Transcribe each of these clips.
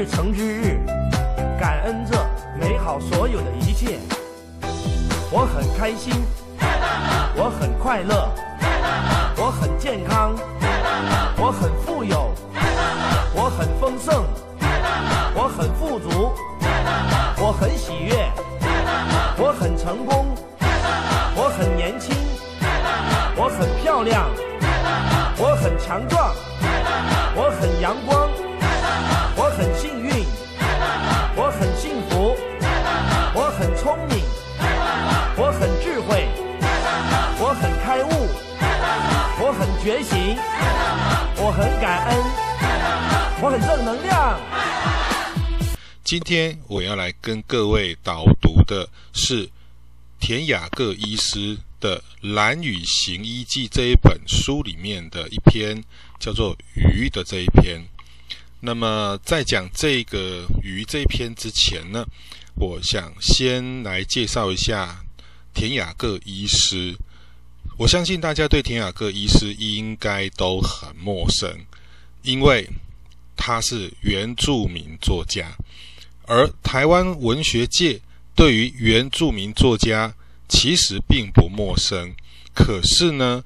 日成之日，感恩這美好所有的一切，我很開心，我很快樂，我很健康。今天我要來跟各位導讀的是田雅各醫師的《蘭嶼行醫記》這一本書裡面的一篇，叫做《魚》的這一篇。那麼在講這個《魚》這一篇之前呢，我想先來介紹一下田雅各醫師。我相信大家對田雅各醫師應該都很陌生，因為他是原住民作家。而台灣文學界對於原住民作家其實並不陌生，可是呢，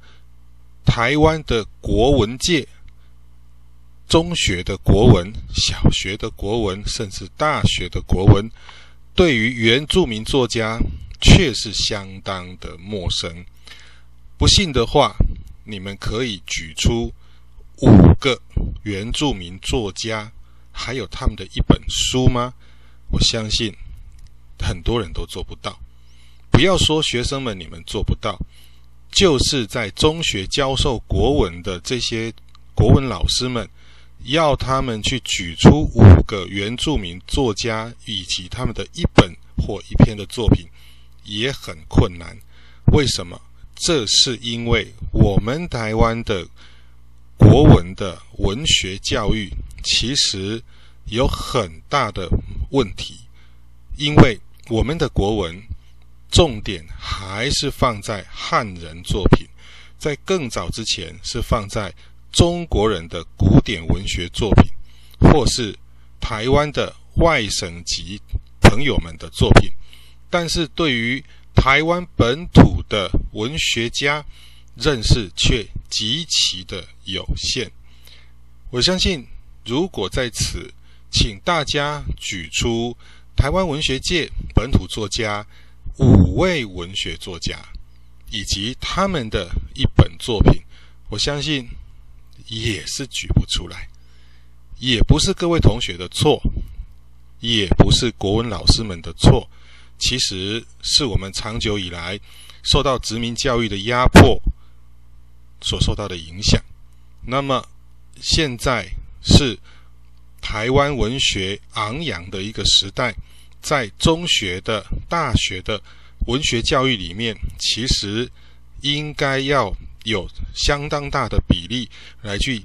台灣的國文界、中學的國文、小學的國文，甚至大學的國文，對於原住民作家卻是相當的陌生。不信的話，你們可以舉出五個原住民作家，還有他們的一本書嗎？我相信很多人都做不到。不要說學生們你們做不到，就是在中學教授國文的這些國文老師們，要他們去舉出五個原住民作家以及他們的一本或一篇的作品，也很困難。為什麼？這是因為我們台灣的國文的文學教育其實有很大的問題，因為我們的國文重點還是放在漢人作品，在更早之前是放在中國人的古典文學作品，或是台灣的外省籍朋友們的作品，但是對於台灣本土的文學家認識卻極其的有限。我相信，如果在此。請大家舉出台灣文學界本土作家五位文學作家，以及他們的一本作品，我相信也是舉不出來，也不是各位同學的錯，也不是國文老師們的錯，其實是我們長久以來受到殖民教育的壓迫所受到的影響。那麼現在是。台灣文學昂揚的一個時代，在中學的、大學的文學教育裡面，其實應該要有相當大的比例來去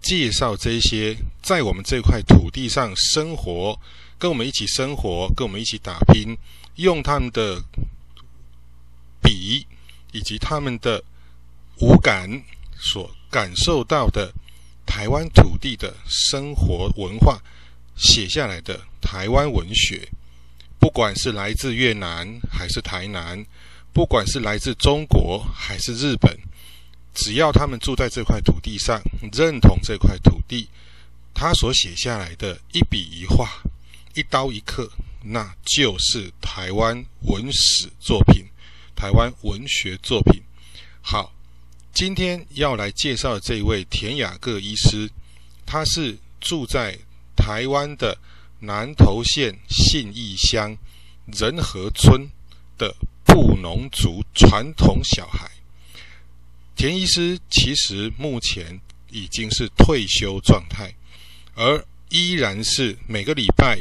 介紹這些在我們這塊土地上生活、跟我們一起生活、跟我們一起打拼，用他們的筆以及他們的五感所感受到的。台灣土地的生活文化寫下來的台灣文學，不管是來自越南還是台南，不管是來自中國還是日本，只要他們住在這塊土地上，認同這塊土地，他所寫下來的一筆一畫、一刀一刻，那就是台灣文史作品、台灣文學作品。好。今天要來介紹的這一位田雅各醫師，他是住在台灣的南投縣信義鄉人和村的布農族傳統小孩。田醫師其實目前已經是退休狀態，而依然是每個禮拜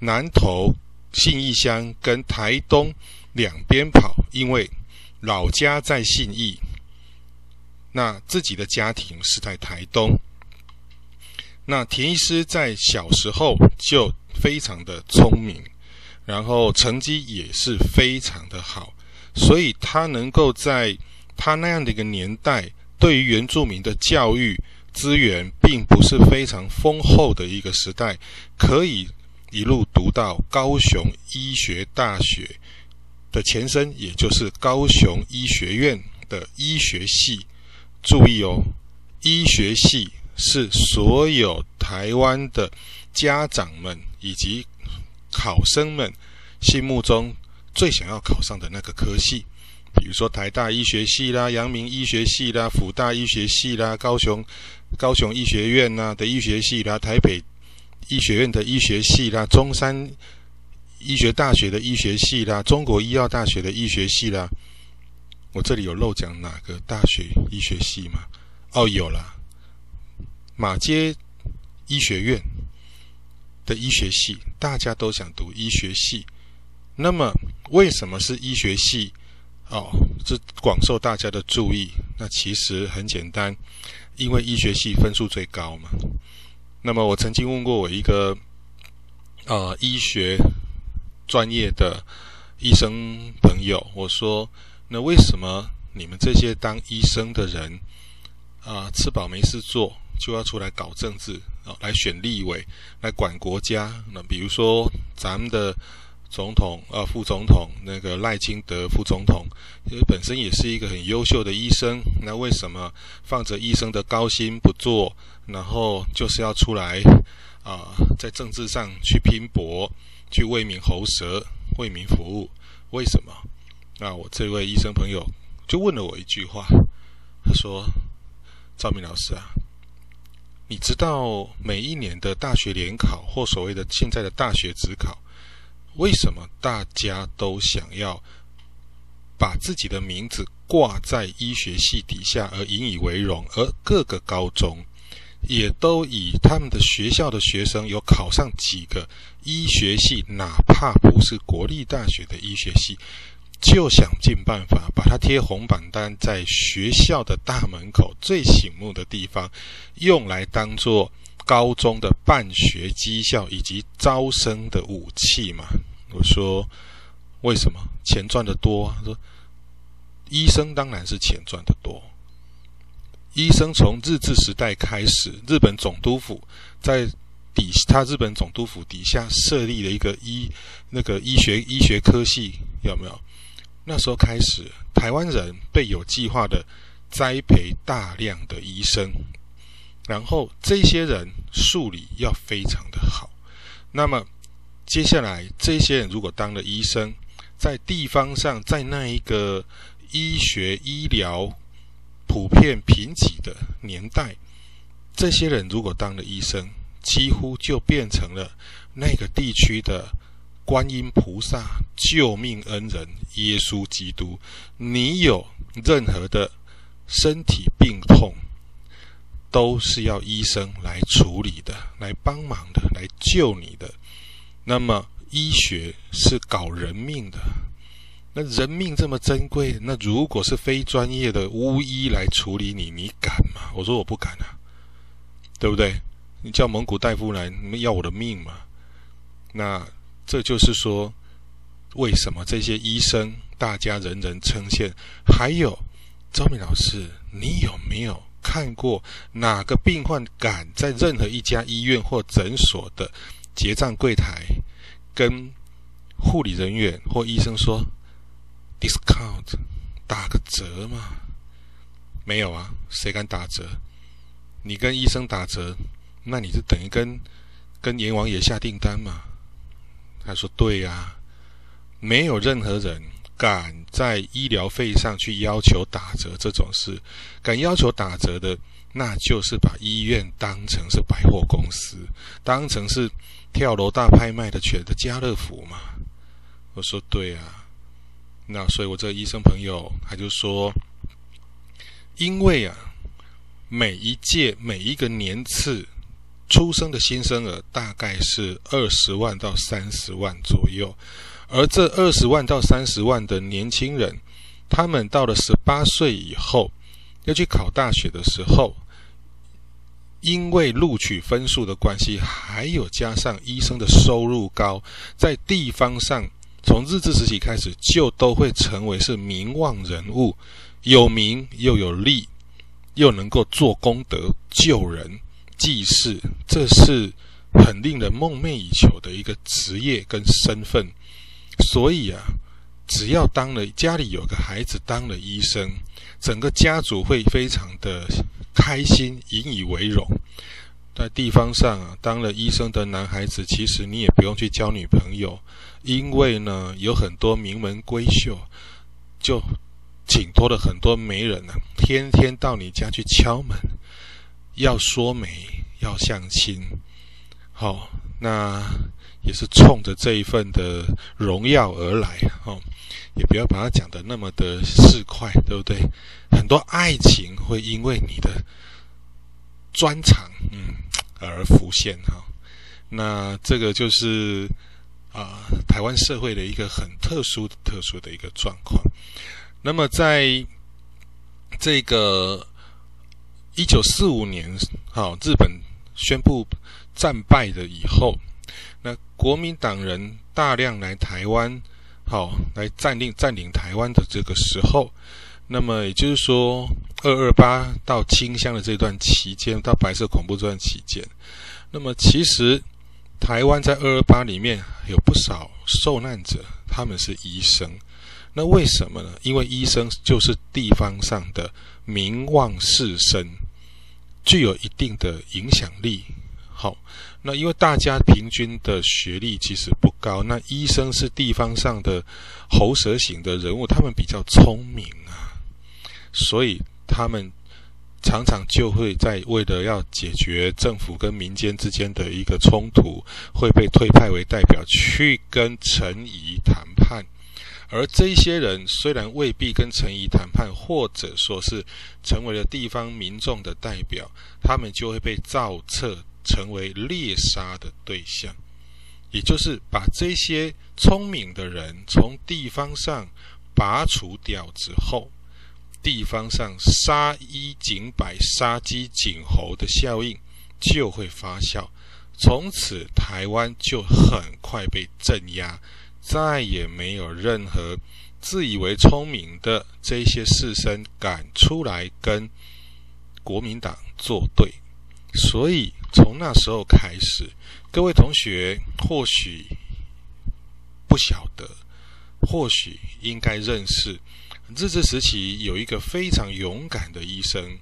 南投信義鄉跟台東兩邊跑，因為老家在信義。那自己的家庭是在台東。那田醫師在小時候就非常的聰明，然後成績也是非常的好，所以他能夠在他那樣的一個年代，對於原住民的教育資源並不是非常豐厚的一個時代，可以一路讀到高雄醫學大學的前身，也就是高雄醫學院的醫學系。注意哦，醫學系是所有台灣的家長們以及考生們心目中最想要考上的那個科系。比如說，台大醫學系啦、陽明醫學系啦、輔大醫學系啦、高雄高雄醫學院吶的醫學系啦、台北醫學院的醫學系啦、中山醫學大學的醫學系啦、中國醫藥大學的醫學系啦。我這裡有漏講哪個大學醫學系嗎？哦，有啦，馬偕醫學院的醫學系，大家都想讀醫學系。那麼為什麼是醫學系？哦，是廣受大家的注意。那其實很簡單，因為醫學系分數最高嘛。那麼我曾經問過我一個啊、呃、醫學專業的醫生朋友，我說。那為什麼你們這些當醫生的人啊、呃，吃飽沒事做就要出來搞政治啊、呃，來選立委，來管國家？那、呃、比如說咱們的總統啊、呃，副總統，那個賴清德副總統，因為本身也是一個很優秀的醫生。那為什麼放着醫生的高薪不做，然後就是要出來啊、呃，在政治上去拼搏，去為民喉舌，為民服務？為什麼？那我這位醫生朋友就問了我一句話，他說：“趙明老師啊，你知道每一年的大學聯考或所謂的現在的大學指考，為什麼大家都想要把自己的名字掛在醫學系底下而引以為榮？而各個高中也都以他們的學校的學生有考上幾個醫學系，哪怕不是國立大學的醫學系。”就想盡辦法把它貼紅榜單，在學校的大門口最醒目的地方，用來當做高中的辦學績效以及招生的武器嘛？我說，為什麼錢賺的多啊？他說，醫生當然是錢賺的多。醫生從日治時代開始，日本總督府在底他日本總督府底下設立了一個醫那個醫學醫學科系，有沒有？那時候開始，台灣人被有計劃地栽培大量的醫生，然後這些人數理要非常的好。那麼接下來這些人如果當了醫生，在地方上，在那一個醫學醫療普遍貧瘠的年代，這些人如果當了醫生，幾乎就變成了那個地區的。觀音菩薩、救命恩人、耶穌基督，你有任何的身體病痛，都是要醫生來處理的、來幫忙的、來救你的。那麼，醫學是搞人命的，那人命這麼珍貴，那如果是非專業的巫醫來處理你，你敢嗎？我說我不敢啊，對不對？你叫蒙古大夫來，你們要我的命嗎？那。這就是說，為什麼這些醫生大家人人稱羨？還有周敏老師，你有沒有看過哪個病患敢在任何一家醫院或診所的結賬櫃台跟護理人員或醫生說 “discount 打個折嘛”？沒有啊，誰敢打折？你跟醫生打折，那你就等於跟跟閻王爺下訂單嘛？他說：“對呀，啊，沒有任何人敢在醫療費上去要求打折這種事，敢要求打折的，那就是把醫院當成是百貨公司，當成是跳樓大拍賣的全的家樂福嘛。”我說：“對啊，那所以，我這個醫生朋友他就說，因為啊，每一屆，每一個年次。”出生的新生兒大概是二十萬到三十萬左右，而這二十萬到三十萬的年輕人，他們到了十八歲以後要去考大學的時候，因為錄取分數的關係，還有加上醫生的收入高，在地方上，從日治時期開始，就都會成為是名望人物，有名又有利，又能夠做功德救人。濟世，這是很令人夢寐以求的一個職業跟身份，所以啊，只要當了家裡有個孩子當了醫生，整個家族會非常的開心，引以為榮。在地方上啊，當了醫生的男孩子，其實你也不用去交女朋友，因為呢，有很多名門閨秀就請托了很多媒人呢、啊，天天到你家去敲門。要說媒，要相親，好、哦，那也是衝着這一份的榮耀而來，好、哦，也不要把它講得那麼的市儈，對不對？很多愛情會因為你的專長，嗯，而浮現哈、哦。那這個就是啊、呃，台灣社會的一個很特殊、特殊的一個狀況。那麼在這個。一九四五年，好、哦，日本宣布戰敗的以後，那國民黨人大量來台灣，好、哦，來占領占領台灣的這個時候，那麼也就是說，二二八到清鄉的這段期間，到白色恐怖這段期間，那麼其實台灣在二二八裡面有不少受難者，他們是醫生，那為什麼呢？因為醫生就是地方上的名望士紳。具有一定的影響力。好、哦，那因為大家平均的學歷其實不高，那醫生是地方上的喉舌型的人物，他們比較聰明啊，所以他們常常就會在為了要解決政府跟民間之間的一個衝突，會被推派為代表去跟陳儀談判。而這些人雖然未必跟陳儀談判，或者說是成為了地方民眾的代表，他們就會被造冊成為獵殺的對象。也就是把這些聰明的人從地方上拔除掉之後，地方上殺一儆百、殺雞儆猴的效應就會發酵，從此台灣就很快被鎮壓。再也沒有任何自以為聰明的這些士紳敢出來跟國民黨作對，所以從那時候開始，各位同學或許不曉得，或許應該認識，日治時期有一個非常勇敢的醫生，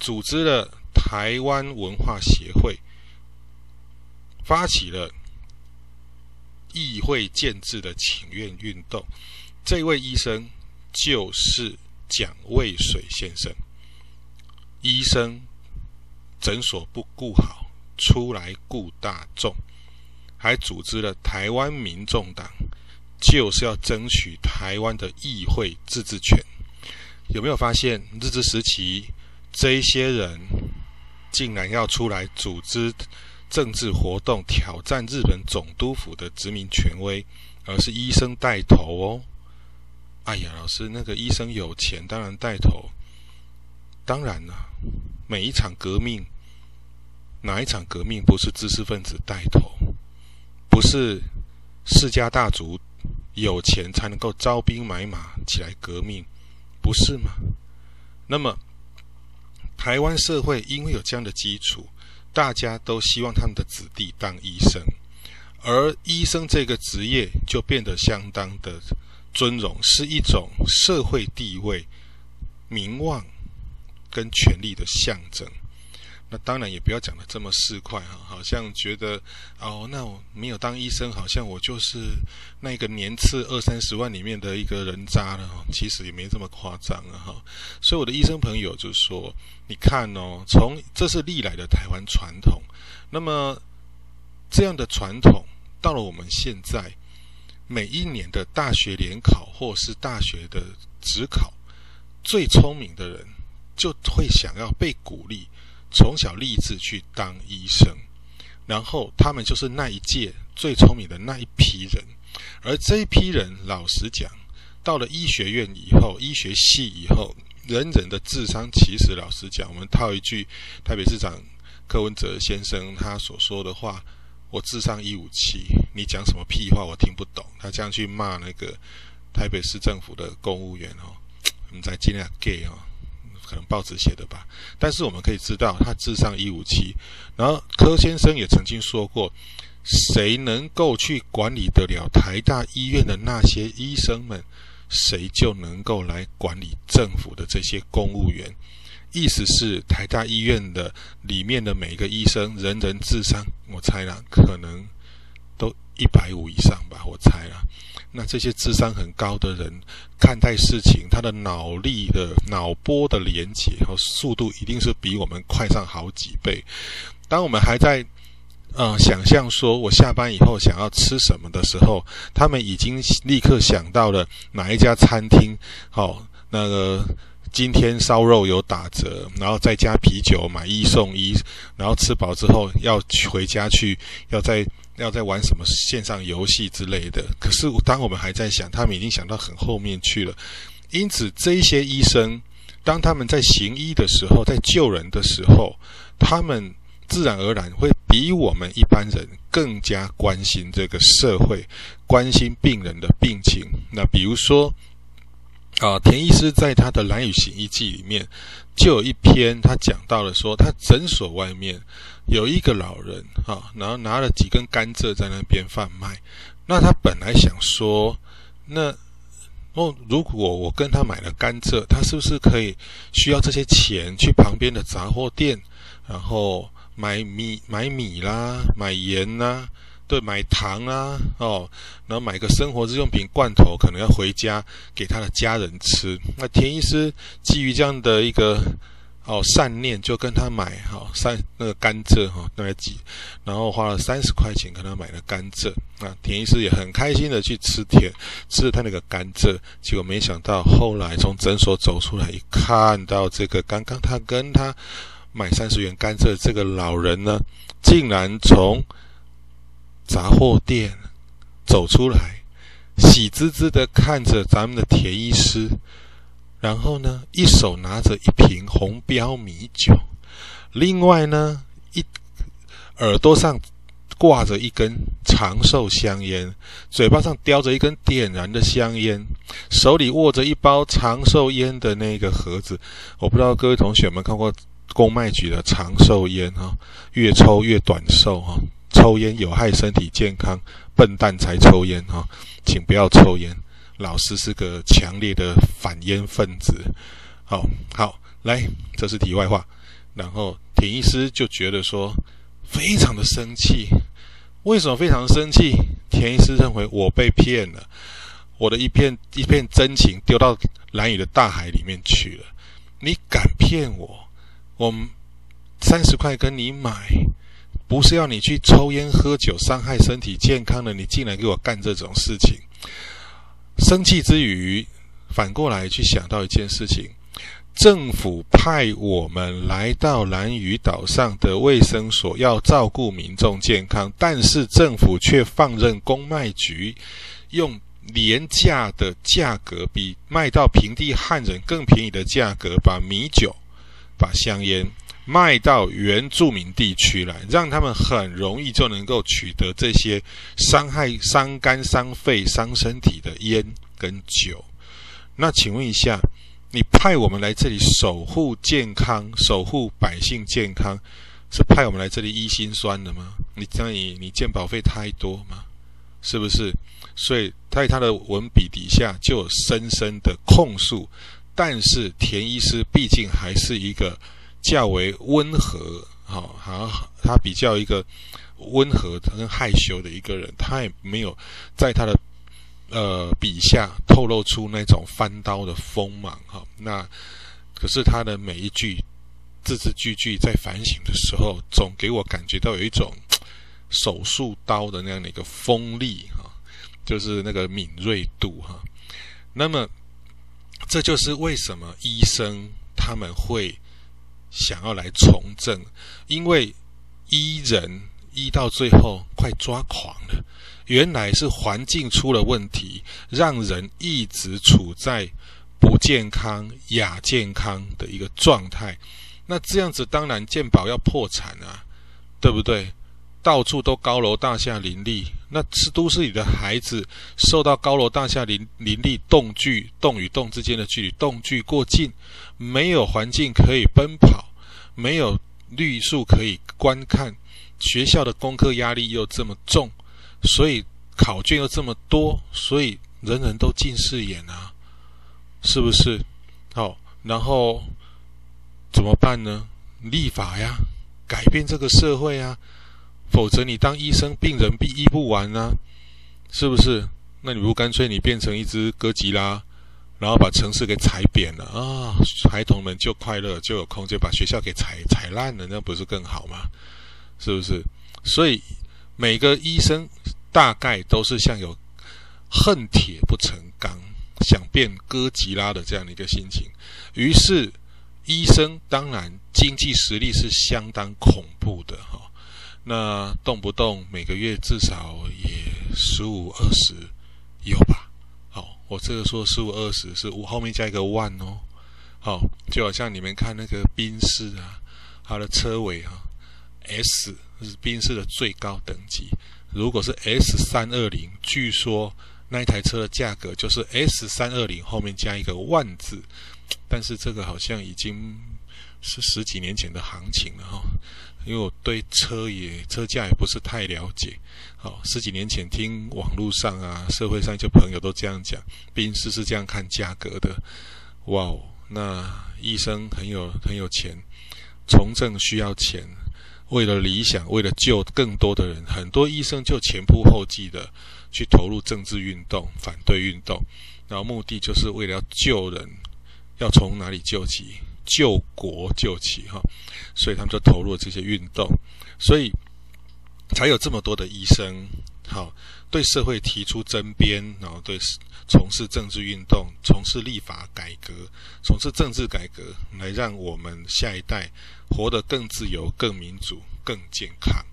組織了台灣文化協會，發起了。議會建制的請願運動，這位醫生就是蔣渭水先生。醫生診所不顧好，出來顧大眾，還組織了台灣民眾黨，就是要爭取台灣的議會自治權。有沒有發現日治時期這些人竟然要出來組織？政治活動挑戰日本總督府的殖民權威，而是醫生帶頭哦。哎呀，老師，那個醫生有錢，當然帶頭。當然了、啊，每一場革命，哪一場革命不是知識分子帶頭？不是世家大族有錢才能夠招兵買馬起來革命，不是嗎？那麼，台灣社會因為有這樣的基礎。大家都希望他們的子弟當醫生，而醫生這個職業就變得相當的尊榮，是一種社會地位、名望跟權力的象徵。那當然也不要講得這麼市儈哈，好像覺得哦，那我沒有當醫生，好像我就是那個年次二三十萬裡面的一個人渣了。其實也沒這麼誇張了哈。所以我的醫生朋友就說：“你看哦，從這是歷來的台灣傳統，那麼這樣的傳統到了我們現在，每一年的大學聯考或是大學的指考，最聰明的人就會想要被鼓勵。”從小立志去當醫生，然後他們就是那一屆最聰明的那一批人，而這一批人老實講，到了醫學院以後，醫學系以後，人人的智商其實老實講，我們套一句台北市長柯文哲先生他所說的話，我智商一五七，你講什麼屁話我聽不懂。他這樣去罵那個台北市政府的公務員哦，你在盡量 gay 哦。可能報紙寫的吧，但是我們可以知道他智商一五七，然後柯先生也曾經說過，誰能夠去管理得了台大醫院的那些醫生們，誰就能夠來管理政府的這些公務員，意思是台大醫院的裡面的每一個醫生，人人智商，我猜啦，可能都一百五以上吧，我猜啦。那這些智商很高的人看待事情，他的腦力的腦波的連接和、哦、速度一定是比我們快上好幾倍。當我們還在嗯、呃、想象說我下班以後想要吃什麼的時候，他們已經立刻想到了哪一家餐廳。好、哦，那個今天燒肉有打折，然後再加啤酒買一送一。然後吃飽之後要回家去，要在。要在玩什麼線上遊戲之類的，可是當我們還在想，他們已經想到很後面去了。因此，這些醫生，當他們在行醫的時候，在救人的時候，他們自然而然會比我們一般人更加關心這個社會，關心病人的病情。那比如說，啊、呃，田醫師在他的《蘭嶼行醫記》裡面，就有一篇他講到了說，他診所外面。有一個老人哈，然後拿了幾根甘蔗在那邊販賣。那他本來想說，那哦，如果我跟他買了甘蔗，他是不是可以需要這些錢去旁邊的雜貨店，然後買米、買米啦，買鹽啦，對，買糖啦，哦，然後買個生活日用品罐頭，可能要回家給他的家人吃。那田醫師基於這樣的一個。哦，善念就跟他買好、哦、三那個甘蔗哈，大概幾，然後花了三十塊錢跟他買了甘蔗啊。那田醫師也很開心的去吃甜，吃了他那個甘蔗，結果沒想到後來從診所走出來，一看到這個剛剛他跟他買三十元甘蔗的這個老人呢，竟然從雜貨店走出來，喜滋滋的看着咱們的田醫師。然後呢，一手拿着一瓶紅標米酒，另外呢，一耳朵上掛着一根長壽香煙，嘴巴上叼着一根點燃的香煙，手裡握着一包長壽煙的那個盒子。我不知道各位同學們看過公賣局的長壽煙哈、哦，越抽越短壽哈、哦，抽煙有害身體健康，笨蛋才抽煙哈、哦，請不要抽煙。老師是個強烈的反菸分子，好好來，這是題外話。然後田醫師就覺得說，非常的生氣。為什麼非常生氣？田醫師認為我被騙了，我的一片一片真情丟到蘭嶼的大海裡面去了。你敢騙我？我三十塊跟你買，不是要你去抽菸喝酒傷害身體健康的，你竟然給我幹這種事情。生氣之餘，反過來去想到一件事情：政府派我們來到蘭嶼島上的衛生所，要照顧民眾健康，但是政府卻放任公賣局用廉價的價格，比賣到平地漢人更便宜的價格，把米酒、把香菸。賣到原住民地區來，讓他們很容易就能夠取得這些傷害，傷肝、傷肺、傷身體的煙跟酒。那請問一下，你派我們來這裡守護健康、守護百姓健康，是派我們來這裡醫心酸的嗎？你將以你，你健保費太多嗎？是不是？所以，在他的文筆底下，就有深深的控訴。但是，田醫師畢竟還是一個。較為溫和，哈，好，他比較一個溫和跟害羞的一個人，他也沒有在他的呃筆下透露出那種番刀的鋒芒，哈。那可是他的每一句字字句句在反省的時候，總給我感覺到有一種手術刀的那樣的一個鋒利，哈，就是那個敏銳度，哈。那麼這就是為什麼醫生他們會。想要來從政，因為醫人醫到最後，快抓狂了。原來是環境出了問題，讓人一直處在不健康、亞健康的一個狀態。那這樣子當然健保要破產啊，對不對？到處都高樓大廈林立，那都是都市裡的孩子受到高樓大廈林林立動，棟距，棟與棟之間的距離，棟距過近，沒有環境可以奔跑。沒有綠樹可以觀看，學校的功課壓力又這麼重，所以考卷又這麼多，所以人人都近視眼啊，是不是？好、哦，然後怎麼辦呢？立法呀，改變這個社會啊，否則你當醫生，病人必醫不完啊，是不是？那你不如乾脆你變成一隻哥吉拉。然後把城市給踩扁了啊、哦，孩童們就快樂，就有空間把學校給踩踩爛了，那不是更好嗎？是不是？所以每個醫生大概都是像有恨鐵不成鋼，想變哥吉拉的這樣的一個心情。於是醫生當然經濟實力是相當恐怖的哈，那動不動每個月至少也十五二十有吧。我這個說是520是五後面加一個萬哦，好、哦，就好像你們看那個賓士啊，它的車尾啊，S 是賓士的最高等級。如果是 S 三二零，據說那一台車的價格就是 S 三二零後面加一個萬字，但是這個好像已經是十幾年前的行情了哈、哦。因為我對車也車價也不是太了解，好、哦、十幾年前聽網絡上啊社會上一些朋友都這樣講，病人是這樣看價格的，哇哦，那醫生很有很有錢。從政需要錢，為了理想，為了救更多的人，很多醫生就前仆後繼的去投入政治運動、反對運動，然後目的就是為了要救人，要從哪裡救起？救國救起哈。哦所以他們就投入了這些運動，所以才有這麼多的醫生，好對社會提出針砭，然後對從事政治運動、從事立法改革、從事政治改革，來讓我們下一代活得更自由、更民主、更健康。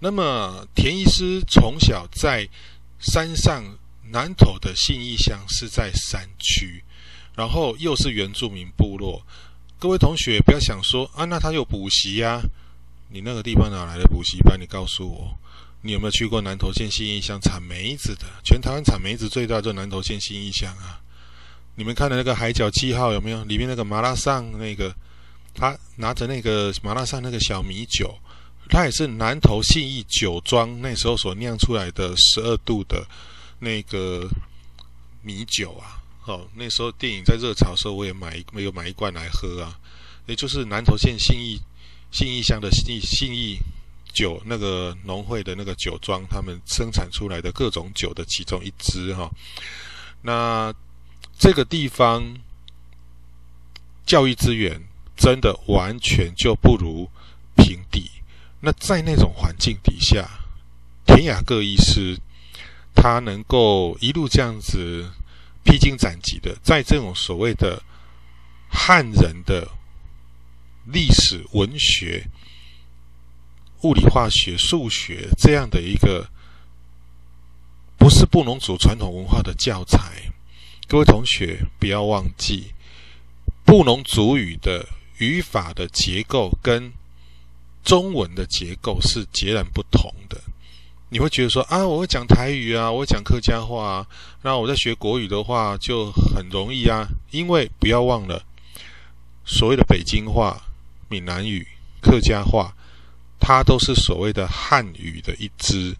那麼田醫師從小在山上南投的信義鄉，是在山區，然後又是原住民部落。各位同學，不要想說啊，那他有補習呀，啊？你那個地方哪來的補習班？你告訴我，你有沒有去過南投縣信義鄉產梅子的？全台灣產梅子最大就南投縣信義鄉啊！你們看的那個海角七號有沒有？裡面那個馬拉桑那個，他拿着那個馬拉桑那個小米酒，他也是南投信義酒莊那時候所釀出來的十二度的那個米酒啊。好、哦，那時候電影在熱潮的時候，我也買，沒有買一罐來喝啊。也就是南投縣信義信義鄉的信義信義酒，那個農會的那個酒莊，他們生產出來的各種酒的其中一支哈、哦。那這個地方教育資源真的完全就不如平地。那在那種環境底下，田雅各醫師他能夠一路這樣子。披荊斬棘的，在這種所謂的漢人的歷史、文學、物理、化學、數學這樣的一個不是布農族傳統文化的教材，各位同學不要忘記，布農族語的語法的結構跟中文的結構是截然不同的。你會覺得說啊，我會講台語啊，我會講客家話啊，那我在學國語的話就很容易啊，因為不要忘了，所謂的北京話、閩南語、客家話，它都是所謂的漢語的一支，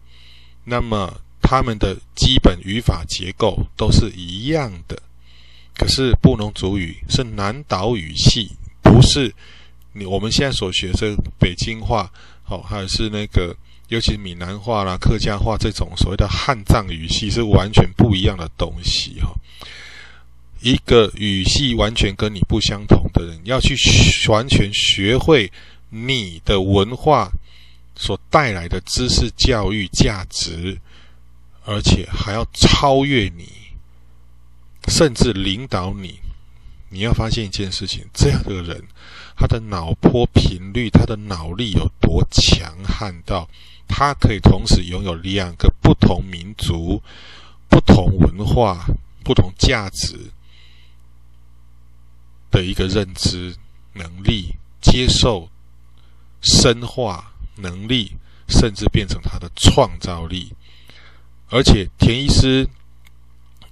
那麼它們的基本語法結構都是一樣的，可是布農族語是南島語系，不是你我們現在所學這北京話，好、哦，還是那個。尤其是閩南話啦、客家話這種所謂的漢藏語系是完全不一樣的東西哈。一個語系完全跟你不相同的人，要去完全學會你的文化所帶來的知識、教育、價值，而且還要超越你，甚至領導你。你要發現一件事情：這樣的人，他的腦波頻率、他的腦力有多強悍到？他可以同時擁有兩個不同民族、不同文化、不同價值的一個認知能力、接受深化能力，甚至變成他的創造力。而且，田醫師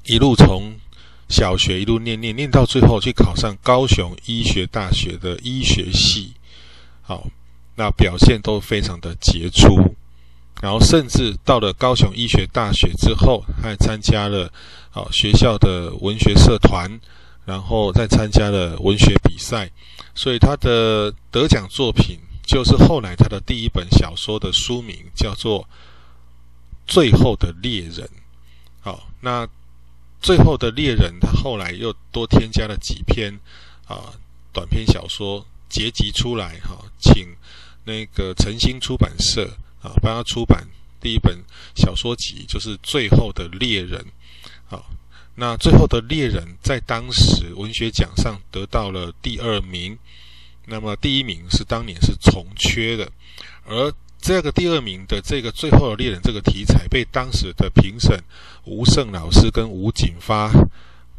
一路從小學一路念念念到最後，去考上高雄醫學大學的醫學系，好，那表現都非常的傑出。然後，甚至到了高雄醫學大學之後，他還參加了啊、哦、學校的文學社團，然後再參加了文學比賽，所以他的得獎作品就是後來他的第一本小說的書名叫做《最後的獵人》。好、哦，那《最後的獵人》他後來又多添加了幾篇啊短篇小說結集出來哈、哦，請那個晨星出版社。啊，幫他出版第一本小說集，就是《最後的獵人》。啊，那《最後的獵人》在當時文學獎上得到了第二名。那麼第一名是當年是從缺的，而這個第二名的這個《最後的獵人》這個題材，被當時的評審吳晟老師跟吳錦發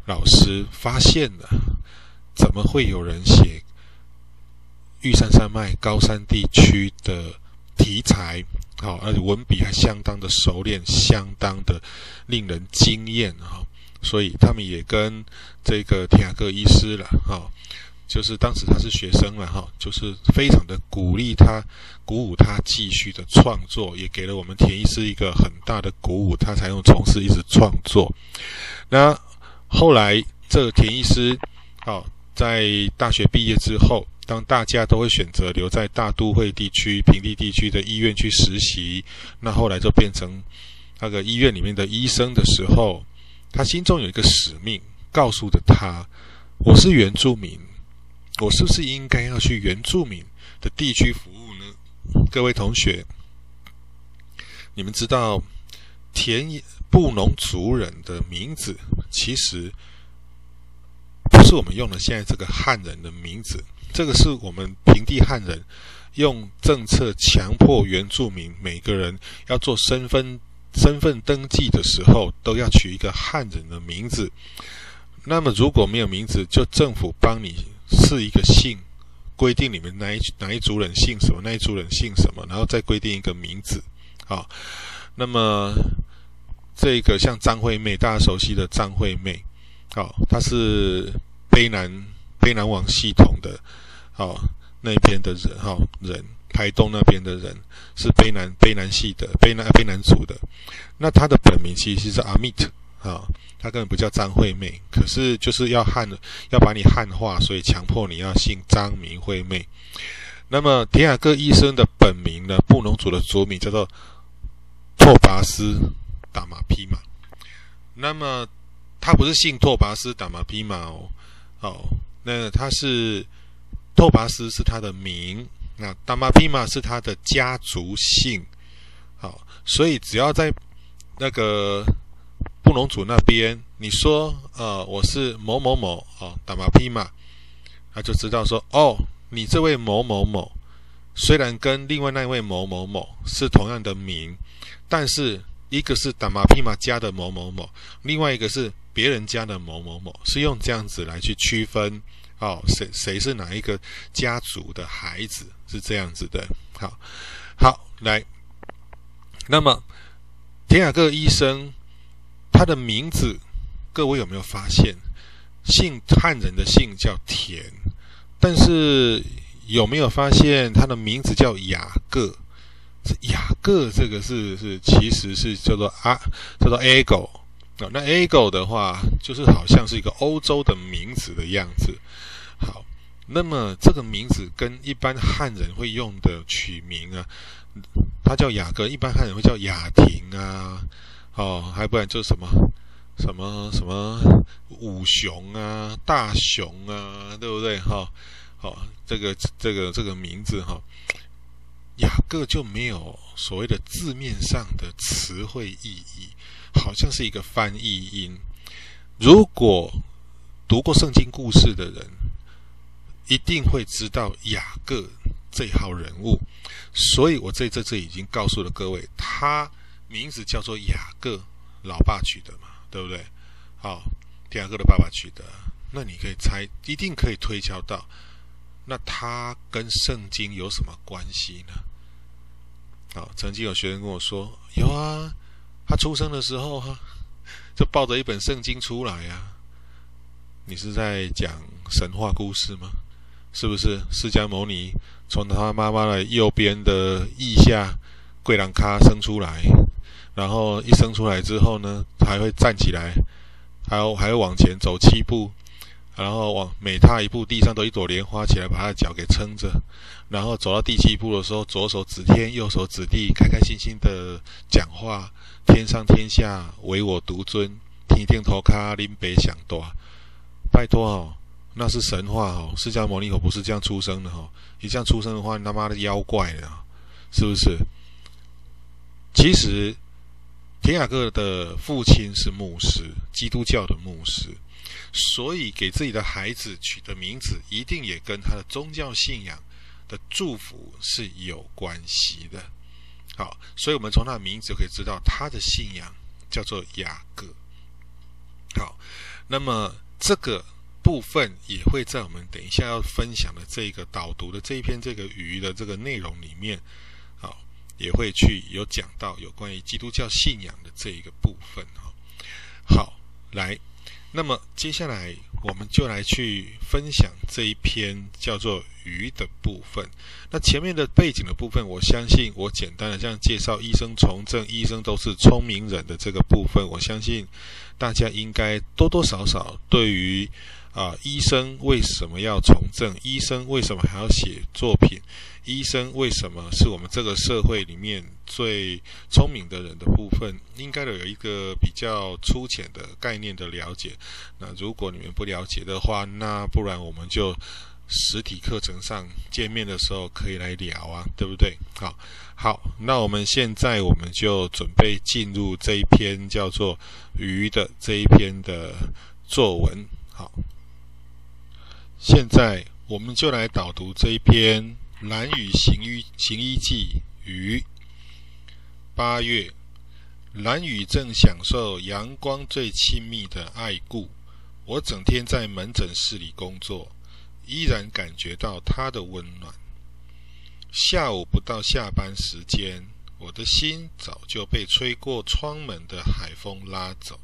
老師發現了。怎麼會有人寫玉山山脈高山地區的題材好、哦，而且文筆還相當的熟練，相當的令人驚豔啊、哦！所以他們也跟這個田雅各醫師了，哈、哦，就是當時他是學生了，哈、哦，就是非常的鼓勵他，鼓舞他繼續的創作，也給了我們田醫師一個很大的鼓舞，他才用從事一直創作。那後來這個田醫師，哦，在大學畢業之後。當大家都會選擇留在大都會地區、平地地區的醫院去實習，那後來就變成那個醫院裡面的醫生的時候，他心中有一個使命，告訴着他：“我是原住民，我是不是應該要去原住民的地區服務呢？”各位同學，你們知道，田雅各布農族人的名字其實不是我們用的現在這個漢人的名字。這個是我們平地漢人用政策強迫原住民每個人要做身份身份登記的時候，都要取一個漢人的名字。那麼如果沒有名字，就政府幫你賜一個姓，規定你們哪一哪一族人姓什麼，哪一族人姓什麼，然後再規定一個名字。好，那麼這個像張惠妹，大家熟悉的張惠妹，好，她是卑南。卑南王系統的哦，那邊的人哈、哦、人，台東那邊的人是卑南、卑南系的，卑南、卑南族的。那他的本名其實，其實是阿密特啊、哦，他根本不叫張惠妹，可是就是要漢，要把你漢化，所以強迫你要姓張名惠妹。那麼田雅各醫生的本名呢？布農族的族名叫做拓拔斯搭瑪匹瑪。那麼他不是姓拓拔斯搭瑪匹瑪哦哦。那他是拓拔斯是他的名，那搭瑪匹瑪是他的家族姓。好，所以只要在那個布農族那邊，你說呃，我是某某某哦，搭瑪匹瑪，他就知道說哦，你這位某某某雖然跟另外那位某某某是同樣的名，但是一個是搭瑪匹瑪家的某某某，另外一個是。別人家的某某某，是用這樣子來去區分哦，誰誰是哪一個家族的孩子，是這樣子的。好好來，那麼田雅各醫生，他的名字各位有沒有發現，姓漢人的姓叫田，但是有沒有發現他的名字叫雅各？雅各這個是是其實是叫做啊叫做 Aggle。那 Aigo 的話，就是好像是一個歐洲的名字的樣子。好，那麼這個名字跟一般漢人會用的取名啊，他叫雅各，一般漢人會叫雅婷啊，哦，還不然就是什麼什麼什麼武雄啊、大雄啊，對不對？哈、哦，好、哦，這個這個這個名字哈、哦，雅各就沒有所謂的字面上的詞彙意義。好像是一個翻譯音。如果讀過聖經故事的人，一定會知道雅各這號人物。所以我在這次已經告訴了各位，他名字叫做雅各，老爸取的嘛，對不對？好、哦，雅各的爸爸取的，那你可以猜，一定可以推敲到，那他跟聖經有什麼關係呢？好、哦，曾經有學生跟我說，有啊。他出生的時候哈，就抱着一本聖經出來呀、啊。你是在講神話故事嗎？是不是釋迦牟尼從他媽媽的右邊的腋下，貴蘭咖生出來？然後一生出來之後呢，他還會站起來，還有還會往前走七步，然後往每踏一步，地上都一朵蓮花起來，把他的腳給撐着。然後走到第七步的時候，左手指天，右手指地，開開心心的講話。天上天下唯我獨尊，聽天頭卡林北響多，拜托哦，那是神話哦，釋迦牟尼佛不是這樣出生的哦，你這樣出生的話，你他媽的妖怪呢、哦，是不是？其實，田雅各的父親是牧師，基督教的牧師，所以給自己的孩子取的名字，一定也跟他的宗教信仰的祝福是有關係的。好，所以我們從他的名字就可以知道他的信仰叫做雅各。好，那麼這個部分也會在我們等一下要分享的這一個導讀的這一篇這個魚的這個內容裡面，好，也會去有講到有關於基督教信仰的這一個部分。哈，好，來，那麼接下來。我們就來去分享這一篇叫做“魚”的部分。那前面的背景的部分，我相信我簡單的這樣介紹，醫生從政，醫生都是聰明人的這個部分，我相信大家應該多多少少對於。啊，醫生為什麼要從政？醫生為什麼還要寫作品？醫生為什麼是我們這個社會裡面最聰明的人的部分？應該有一個比較粗淺的概念的了解。那如果你們不了解的話，那不然我們就實體課程上見面的時候可以來聊啊，對不對？好，好，那我們現在我們就準備進入這一篇叫做《魚》的這一篇的作文，好。現在我們就來導讀這一篇《蘭嶼行醫行醫記》魚。於八月，蘭嶼正享受陽光最親密的愛顧。我整天在門診室裡工作，依然感覺到它的溫暖。下午不到下班時間，我的心早就被吹過窗門的海風拉走。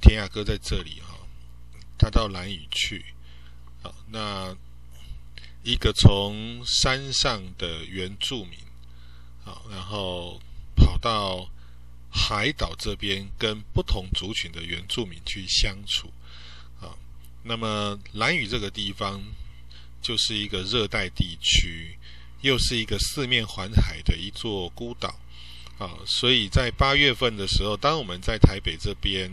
田雅各在這裡啊！他到蘭嶼去，那一個從山上的原住民，然後跑到海島這邊，跟不同族群的原住民去相處，那麼蘭嶼這個地方就是一個熱帶地區，又是一個四面環海的一座孤島，所以在八月份的時候，當我們在台北這邊。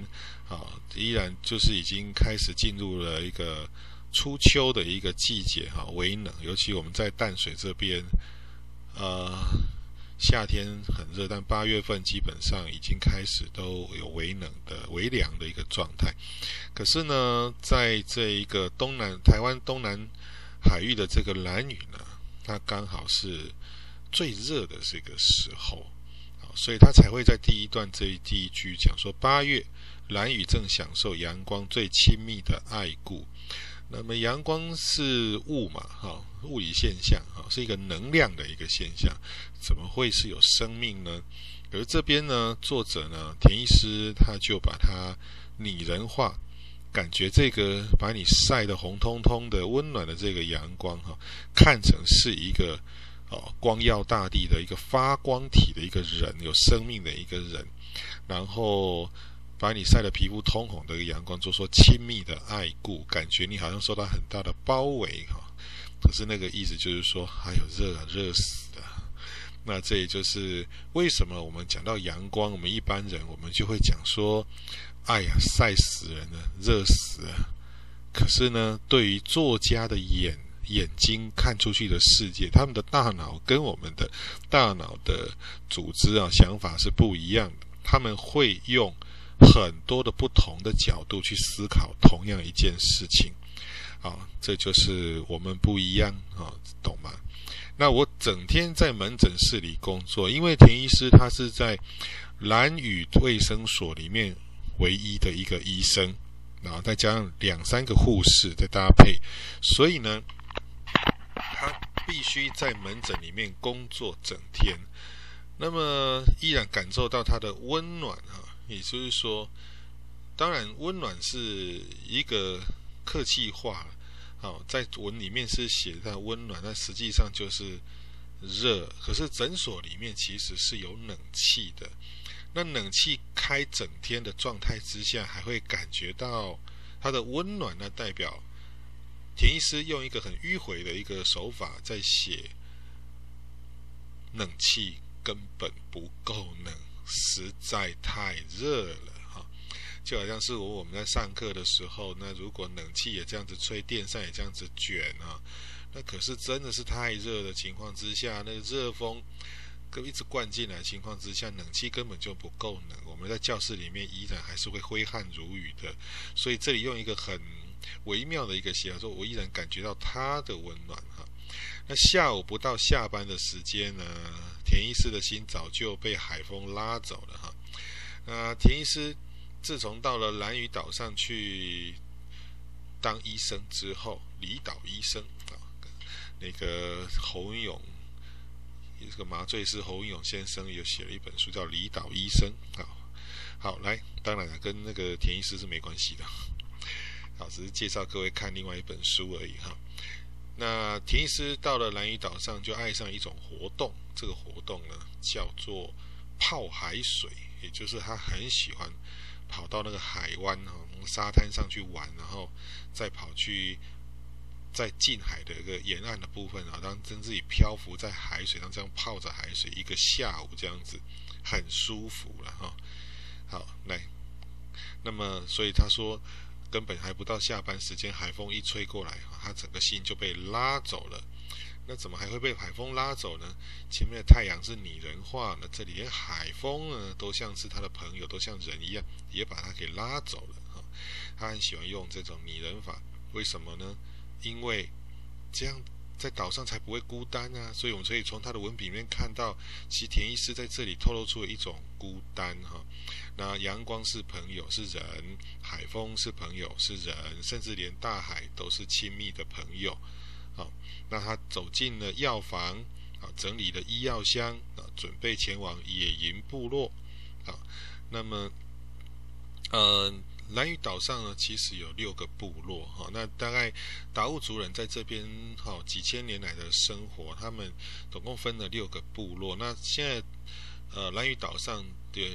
啊，依然就是已經開始進入了一個初秋的一個季節哈，微冷。尤其我們在淡水這邊，呃，夏天很熱，但八月份基本上已經開始都有微冷的、微涼的一個狀態。可是呢，在這一個東南，台灣東南海域的這個蘭嶼呢，它剛好是最熱的這個時候啊，所以它才會在第一段這一第一句講說八月。蘭嶼正享受陽光最親密的愛顧，那麼陽光是物嘛？哈、哦，物理現象哈、哦，是一個能量的一個現象，怎麼會是有生命呢？而這邊呢，作者呢，田醫師他就把它擬人化，感覺這個把你曬得紅彤彤的、溫暖的這個陽光哈、哦，看成是一個哦，光耀大地的一個發光體的一個人，有生命的一個人，然後。把你曬得皮膚通紅的一個陽光，就說親密的愛顧，感覺你好像受到很大的包圍哈。可是那個意思就是說，哎呦，熱啊，熱死了。那這也就是為什麼我們講到陽光，我們一般人我們就會講說，哎呀，曬死人了，熱死了。可是呢，對於作家的眼眼睛看出去的世界，他們的大腦跟我們的大腦的組織啊，想法是不一樣的。他們會用。很多的不同的角度去思考同樣一件事情，啊，這就是我們不一樣啊，懂嗎？那我整天在門診室裡工作，因為田醫師他是在蘭嶼衛生所裡面唯一的一個醫生，然後再加上兩三個護士在搭配，所以呢，他必須在門診裡面工作整天，那麼依然感受到他的溫暖啊。也就是說，當然，溫暖是一個客氣話。好、哦，在文裡面是寫它溫暖，但實際上就是熱。可是診所裡面其實是有冷氣的，那冷氣開整天的狀態之下，還會感覺到它的溫暖。那代表田醫師用一個很迂迴的一個手法在寫，冷氣根本不夠冷。實在太熱了哈，就好像是我我們在上課的時候，那如果冷氣也這樣子吹，電扇也這樣子卷啊，那可是真的是太熱的情況之下，那個、熱風跟一直灌進來的情況之下，冷氣根本就不夠冷，我們在教室裡面依然還是會揮汗如雨的，所以這裡用一個很微妙的一個寫法，說我依然感覺到它的溫暖哈。那下午不到下班的時間呢？田醫師的心早就被海風拉走了哈。那田醫師自從到了蘭嶼島上去當醫生之後，離島醫生啊，那個侯文詠，這個麻醉師侯文詠先生有寫了一本書叫《離島醫生》啊。好，來，當然了，跟那個田醫師是沒關係的，好，只是介紹各位看另外一本書而已哈。那提斯到了蘭嶼島上，就愛上一種活動。這個活動呢，叫做泡海水，也就是他很喜歡跑到那個海灣啊，沙灘上去玩，然後再跑去在近海的一個沿岸的部分啊，讓讓自己漂浮在海水上，然後這樣泡着海水一個下午，這樣子很舒服了哈。好，來，那麼所以他說。根本還不到下班時間，海風一吹過來，他整個心就被拉走了。那怎麼還會被海風拉走呢？前面的太陽是擬人化，那這裡連海風呢，都像是他的朋友，都像人一樣，也把他給拉走了。他很喜歡用這種擬人法，為什麼呢？因為這樣的話，在島上才不會孤單啊，所以我們可以從他的文筆裡面看到，其實田醫師在這裡透露出了一種孤單哈、啊。那陽光是朋友是人，海風是朋友是人，甚至連大海都是親密的朋友。啊，那他走進了藥房，啊，整理了醫藥箱，啊，準備前往野銀部落。啊那麼，呃。蘭嶼島上呢，其實有六個部落哈。那大概達悟族人在這邊哈幾千年來的生活，他們總共分了六個部落。那現在呃蘭嶼島上的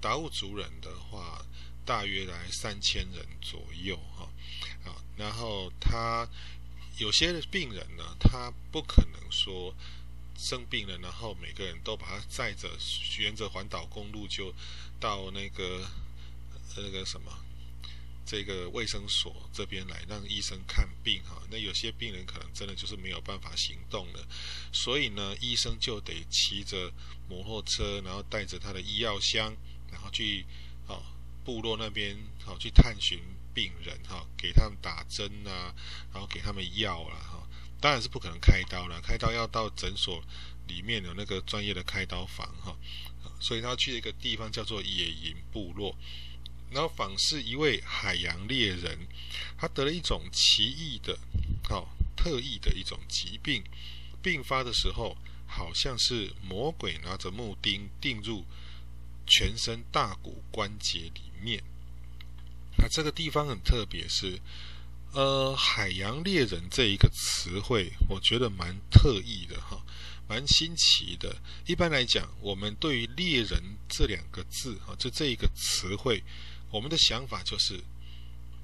達悟族人的話，大約來三千人左右哈。啊，然後他有些病人呢，他不可能說生病了，然後每個人都把他載着，沿着環島公路就到那個那個什麼。這個衛生所這邊來讓醫生看病哈，那有些病人可能真的就是沒有辦法行動了，所以呢，醫生就得騎着摩托車，然後帶着他的醫藥箱，然後去、哦、部落那邊哦去探尋病人哈、哦，給他們打針啊，然後給他們藥了哈、哦，當然是不可能開刀了，開刀要到診所裡面有那個專業的開刀房哈、哦，所以他去一個地方叫做野銀部落，然後，仿是一位海洋獵人，他得了一種奇異的、好、哦、特異的一種疾病。病發的時候，好像是魔鬼拿着木釘釘入全身大骨關節裡面。那這個地方很特別是，是呃，海洋獵人這一個詞彙，我覺得蠻特異的哈，蠻新奇的。一般來講，我們對於獵人這兩個字啊，就這一個詞彙。我們的想法就是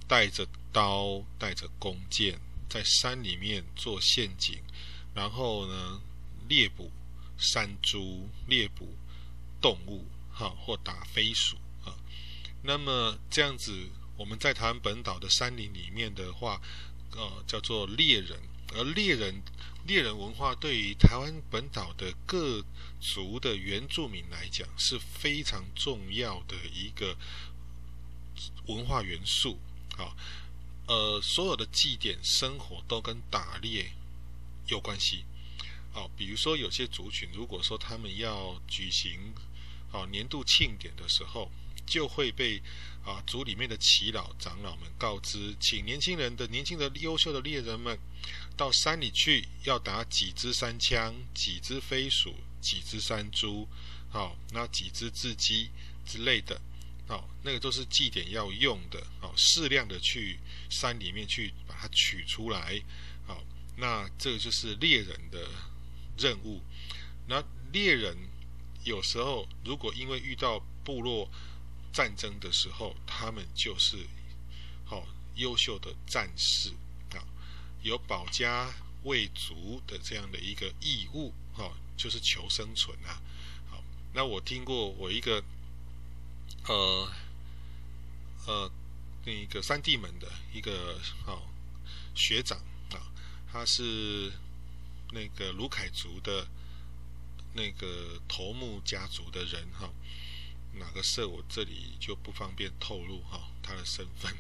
帶着刀、帶着弓箭，在山裡面做陷阱，然後呢獵捕山豬、獵捕動物，哈，或打飛鼠啊。那麼這樣子，我們在台灣本島的山林裡面的話，呃，叫做獵人。而獵人，獵人文化對於台灣本島的各族的原住民來講是非常重要的一個。文化元素，啊，呃，所有的祭典生活都跟打獵有關係，好、啊，比如說有些族群，如果說他們要舉行啊年度慶典的時候，就會被啊族裡面的耆老長老們告知，請年輕人的年輕的優秀的獵人們到山裡去，要打幾隻山羌，幾隻飛鼠，幾隻山豬，好、啊，那幾隻雉雞之類的。好、哦，那個都是祭典要用的，好、哦，適量的去山裡面去把它取出來，好、哦，那這個就是獵人的任務。那獵人有時候如果因為遇到部落戰爭的時候，他們就是好、哦，優秀的戰士啊、哦，有保家衛族的這樣的一個義務，哦，就是求生存啊。好、哦，那我聽過我一個。呃，呃，那一個三地門的一個哦學長啊、哦，他是那個魯凱族的那個頭目家族的人哈、哦，哪個社，我這裡就不方便透露哈、哦、他的身份。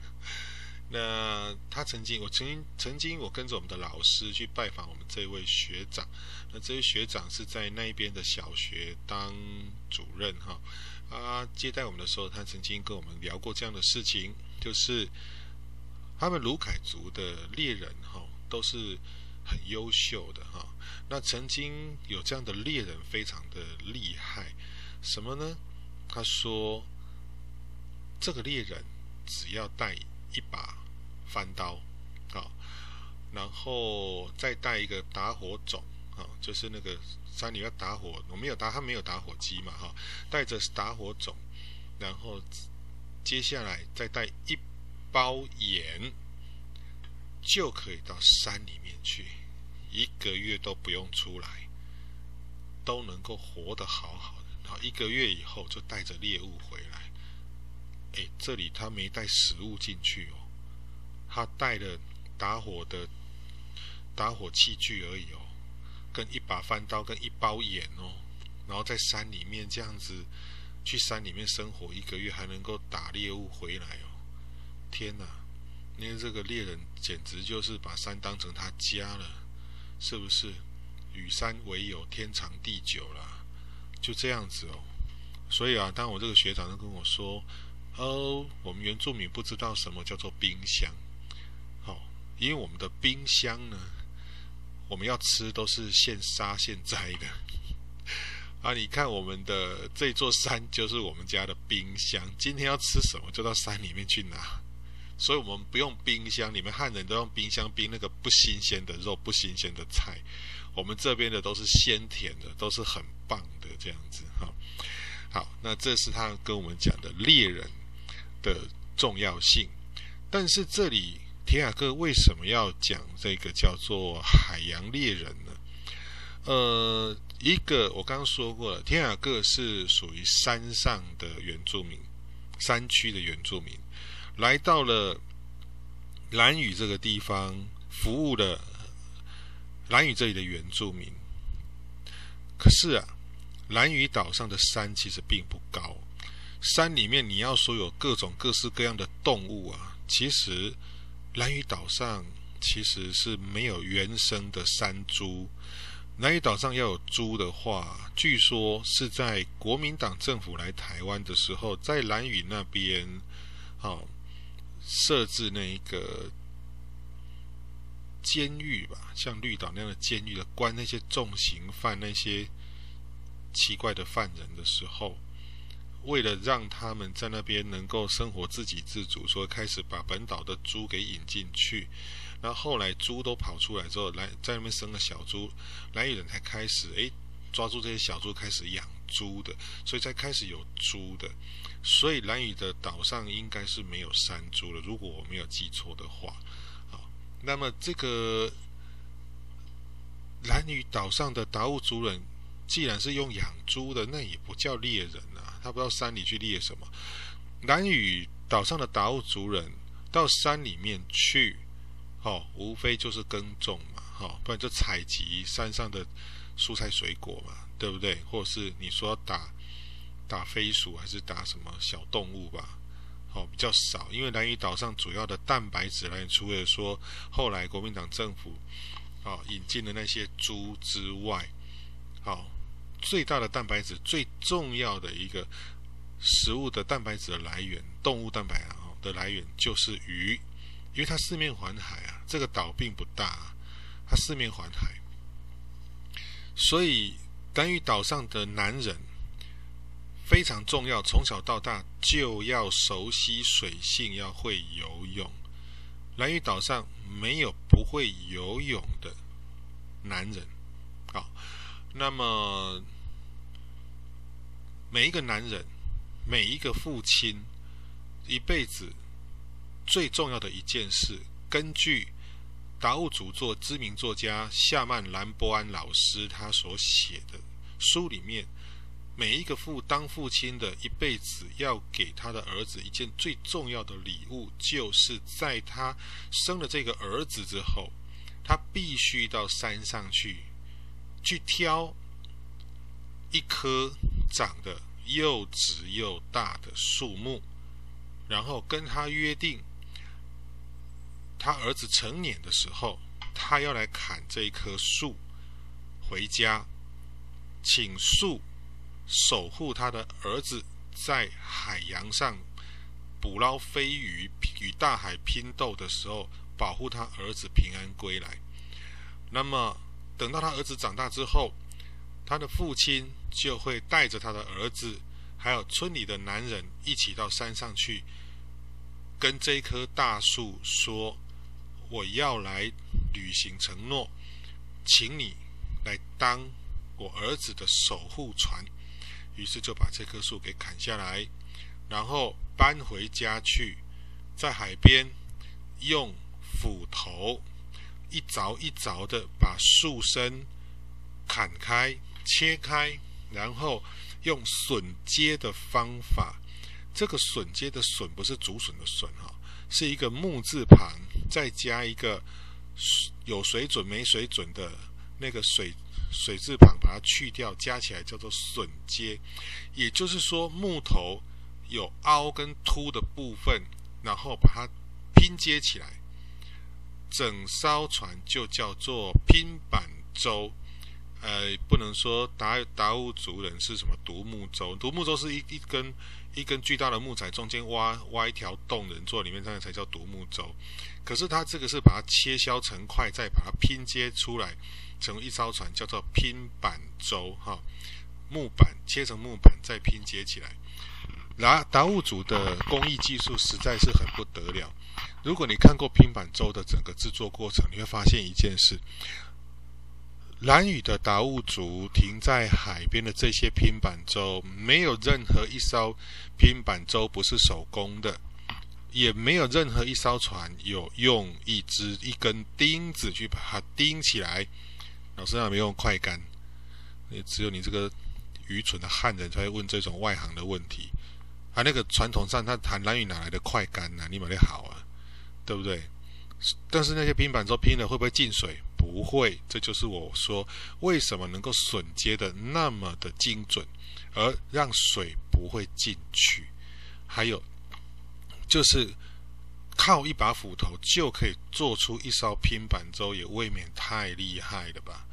那他曾經，我曾經，曾經我跟着我們的老師去拜訪我們這位學長。那這位學長是在那一邊的小學當主任哈。他、啊、接待我們的時候，他曾經跟我們聊過這樣的事情，就是他們盧凱族的獵人哈，都是很優秀的哈、啊。那曾經有這樣的獵人非常的厲害，什麼呢？他說，這個獵人只要帶一把。翻刀，好、哦，然後再帶一個打火種，啊、哦，就是那個山裡要打火，我沒有打，他沒有打火機嘛，哈、哦，帶着打火種，然後接下來再帶一包鹽，就可以到山裡面去，一個月都不用出來，都能夠活得好好的，然後一個月以後就帶着獵物回來，哎，這裡他沒帶食物進去哦。他帶了打火的打火器具而已哦，跟一把番刀，跟一包鹽哦，然後在山裡面這樣子去山裡面生活一個月，還能夠打獵物回來哦。天吶，因為這個獵人簡直就是把山當成他家了，是不是？與山為友，天長地久啦，就這樣子哦。所以啊，當我這個學長就跟我說，哦，我們原住民不知道什麼叫做冰箱。因為我們的冰箱呢，我們要吃都是現殺現摘的啊！你看我們的這座山就是我們家的冰箱，今天要吃什麼就到山裡面去拿，所以我們不用冰箱。你們漢人都用冰箱冰那個不新鮮的肉、不新鮮的菜，我們這邊的都是鮮甜的，都是很棒的這樣子哈、哦。好，那這是他跟我們講的獵人的重要性，但是這裡。田雅各為什麼要講這個叫做海洋獵人呢？呃，一個我剛剛說過了，田雅各是屬於山上的原住民，山區的原住民，來到了蘭嶼這個地方服務了蘭嶼這裡的原住民。可是啊，蘭嶼島上的山其實並不高，山裡面你要說有各種各式各樣的動物啊，其實。蘭嶼島上其實是沒有原生的山豬。蘭嶼島上要有豬的話，據說是在國民黨政府來台灣的時候，在蘭嶼那邊，好、哦、設置那一個監獄吧，像綠島那樣的監獄，關那些重刑犯、那些奇怪的犯人的時候。為了讓他們在那邊能夠生活自給自足，所以開始把本島的豬給引進去。然後後來豬都跑出來之後，來在那邊生了小豬，蘭嶼人才開始哎抓住這些小豬開始養豬的，所以才開始有豬的。所以蘭嶼的島上應該是沒有山豬的，如果我沒有記錯的話。啊，那麼這個蘭嶼島上的達悟族人，既然是用養豬的，那也不叫獵人。他不知道山裡去獵什麼？蘭嶼島上的達悟族人到山裡面去，哦，無非就是耕種嘛，好、哦，不然就採集山上的蔬菜水果嘛，對不對？或者是你說要打打飛鼠還是打什麼小動物吧，好、哦，比較少，因為蘭嶼島上主要的蛋白質來源，除了說後來國民黨政府啊、哦、引進的那些豬之外，好、哦。最大的蛋白質、最重要的一個食物的蛋白質的來源，動物蛋白啊的來源就是魚，因為它四面環海啊，這個島並不大，啊，它四面環海，所以蘭嶼島上的男人非常重要，從小到大就要熟悉水性，要會游泳。蘭嶼島上沒有不會游泳的男人啊，好，那麼。每一個男人，每一個父親，一輩子最重要的一件事，根據達悟族作知名作家夏曼藍波安老師他所寫的書裡面，每一個父當父親的一輩子要給他的兒子一件最重要的禮物，就是在他生了這個兒子之後，他必須到山上去去挑一棵。長得又直又大的樹木，然後跟他約定，他兒子成年的時候，他要來砍這一棵樹，回家，請樹守護他的兒子在海洋上捕撈飛魚與大海拼鬥的時候，保護他兒子平安歸來。那麼，等到他兒子長大之後，他的父親。就會帶着他的兒子，還有村裡的男人一起到山上去，跟這棵大樹說：“我要來履行承諾，請你來當我兒子的守護船。”於是就把這棵樹給砍下來，然後搬回家去，在海邊用斧頭一鑿一鑿的把樹身砍開、切開。然後用榫接的方法。這個榫接的榫不是竹筍的筍哈，是一個木字旁再加一個有水準沒水準的那個水水字旁，把它去掉加起來叫做榫接。也就是說木頭有凹跟凸的部分，然後把它拼接起來，整艘船就叫做拼板舟。呃，不能說達達悟族人是什麼獨木舟，獨木舟是一一根一根巨大的木材中間挖挖一條洞人，人坐裡面，這樣才叫獨木舟。可是他這個是把它切削成塊，再把它拼接出來，成為一艘船，叫做拼板舟哈。木板切成木板，再拼接起來。達達悟族的工藝技術實在是很不得了。如果你看過拼板舟的整個製作過程，你會發現一件事。蘭嶼的達悟族停在海邊的這些拼板舟，沒有任何一艘拼板舟不是手工的，也沒有任何一艘船有用一隻，一根釘子去把它釘起來。老師，那沒用快乾？也只有你這個愚蠢的漢人才會問這種外行的問題啊！那個傳統上他談，蘭嶼哪來的快乾呢？啊？你們的好啊，對不對？但是那些拼板舟拼了會不會進水？不會，這就是我說為什麼能夠榫接的那麼的精準，而讓水不會進去。還有，就是靠一把斧頭就可以做出一艘拼板舟，也未免太厲害了吧？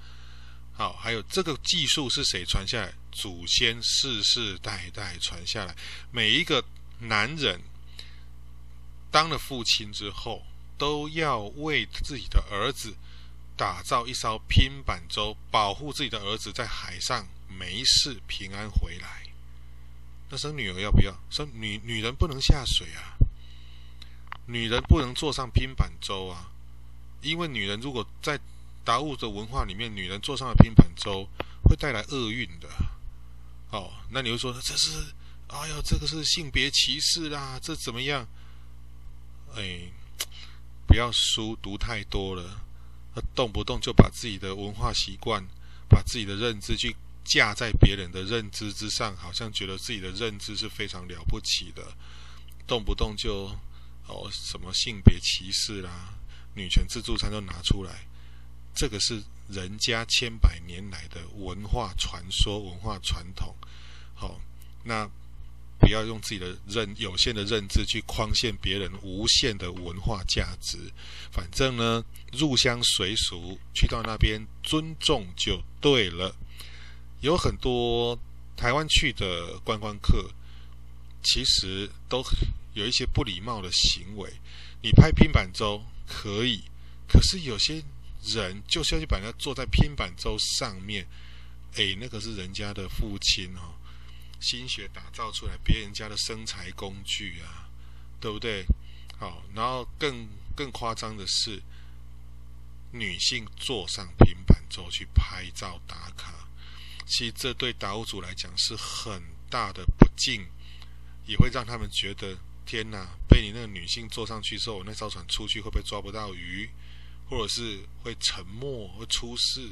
好，還有這個技術是誰傳下來？祖先世世代代傳下來，每一個男人當了父親之後。都要為自己的兒子打造一艘拼板舟，保護自己的兒子在海上沒事平安回來。那生女兒要不要？生女女人不能下水啊，女人不能坐上拼板舟啊，因為女人如果在達悟的文化裡面，女人坐上了拼板舟會帶來厄運的。哦，那你會說這是，哎呦，這個是性別歧視啦、啊，這怎麼樣？哎。不要書讀太多了，他動不動就把自己的文化習慣，把自己的認知去架在別人的認知之上，好像覺得自己的認知是非常了不起的，動不動就哦什麼性別歧視啦，啊，女權自助餐都拿出來，這個是人家千百年來的文化傳說、文化傳統。好，哦，那。不要用自己的認有限的認知去框限別人無限的文化價值。反正呢，入鄉隨俗，去到那邊尊重就對了。有很多台灣去的觀光客，其實都有一些不禮貌的行為。你拍拼板舟可以，可是有些人就是要去把人家坐在拼板舟上面。誒，那個是人家的父親哦。心血打造出來，別人家的生財工具啊，對不對？好，然後更更誇張的是，女性坐上平板之後去拍照打卡，其實這對島主來講是很大的不敬，也會讓他們覺得天哪，被你那個女性坐上去之後，那艘船出去會不會抓不到魚，或者是會沉沒，會出事？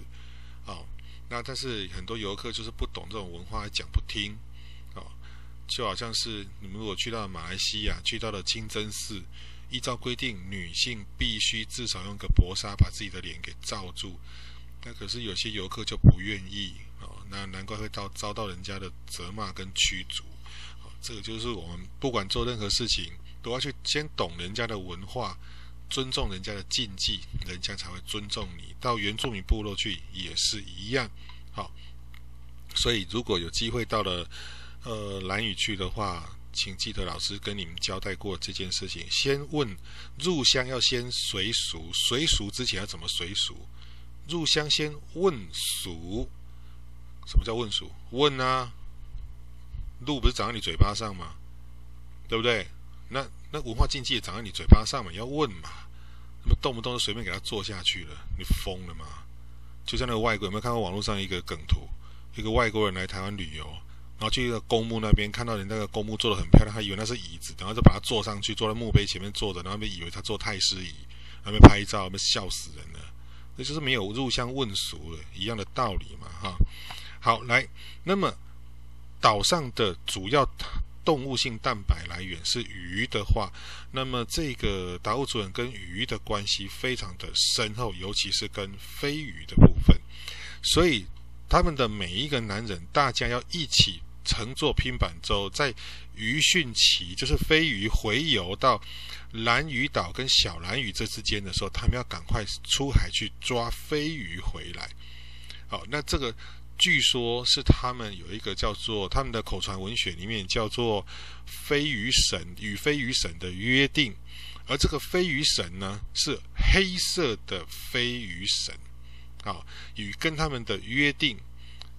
哦，那但是很多遊客就是不懂這種文化，還講不聽。就好像是你們如果去到馬來西亞，去到了清真寺，依照規定，女性必須至少用個薄紗把自己的臉給罩住。那可是有些遊客就不願意哦，那難怪會到遭到人家的責罵跟驅逐，哦。這個就是我們不管做任何事情，都要去先懂人家的文化，尊重人家的禁忌，人家才會尊重你。到原住民部落去也是一樣。好，哦，所以如果有機會到了。呃，蘭嶼去的話，請記得老師跟你們交代過這件事情。先問入鄉要先隨俗，隨俗之前要怎麼隨俗？入鄉先問俗，什麼叫問俗？問啊，路不是長在你嘴巴上嗎？對不對？那那文化禁忌也長在你嘴巴上嘛，要問嘛。那麼動不動就隨便給他做下去了，你瘋了嗎？就像那個外國有沒有看過網絡上一個梗圖，一個外國人來台灣旅遊。然後去那個公墓那邊，看到人那個公墓做的很漂亮，他以為那是椅子，然後就把他坐上去，坐在墓碑前面坐着，然後被以為他做太師椅，還沒拍照，還沒笑死人了，那就是沒有入鄉問俗了一樣的道理嘛，哈。好，來，那麼島上的主要動物性蛋白來源是魚的話，那麼這個達悟主人跟魚的關係非常的深厚，尤其是跟飛魚的部分，所以他們的每一個男人，大家要一起。乘坐拼板舟，在魚汛期，就是飛魚洄游到蘭嶼島跟小蘭嶼這之間的時候，他們要趕快出海去抓飛魚回來。好，那這個據說是他們有一個叫做他們的口傳文學裡面叫做飛魚神與飛魚神的約定，而這個飛魚神呢是黑色的飛魚神，啊，與跟他們的約定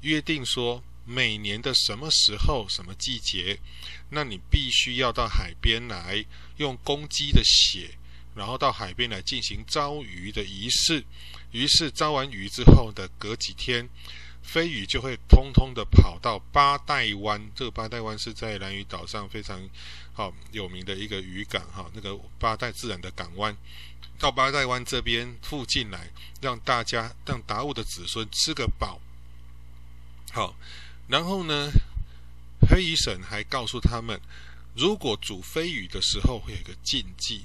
約定說。每年的什麼時候、什麼季節，那你必須要到海邊來，用公雞的血，然後到海邊來進行招魚的儀式。於是招完魚之後的隔幾天，飛魚就會通通的跑到八代灣。這個八代灣是在蘭嶼島上非常好有名的一個漁港，哈，那個八代自然的港灣。到八代灣這邊附近來，讓大家讓達悟的子孫吃個飽，好。然後呢，黑魚嬸還告訴他們，如果煮飛魚的時候會有一個禁忌，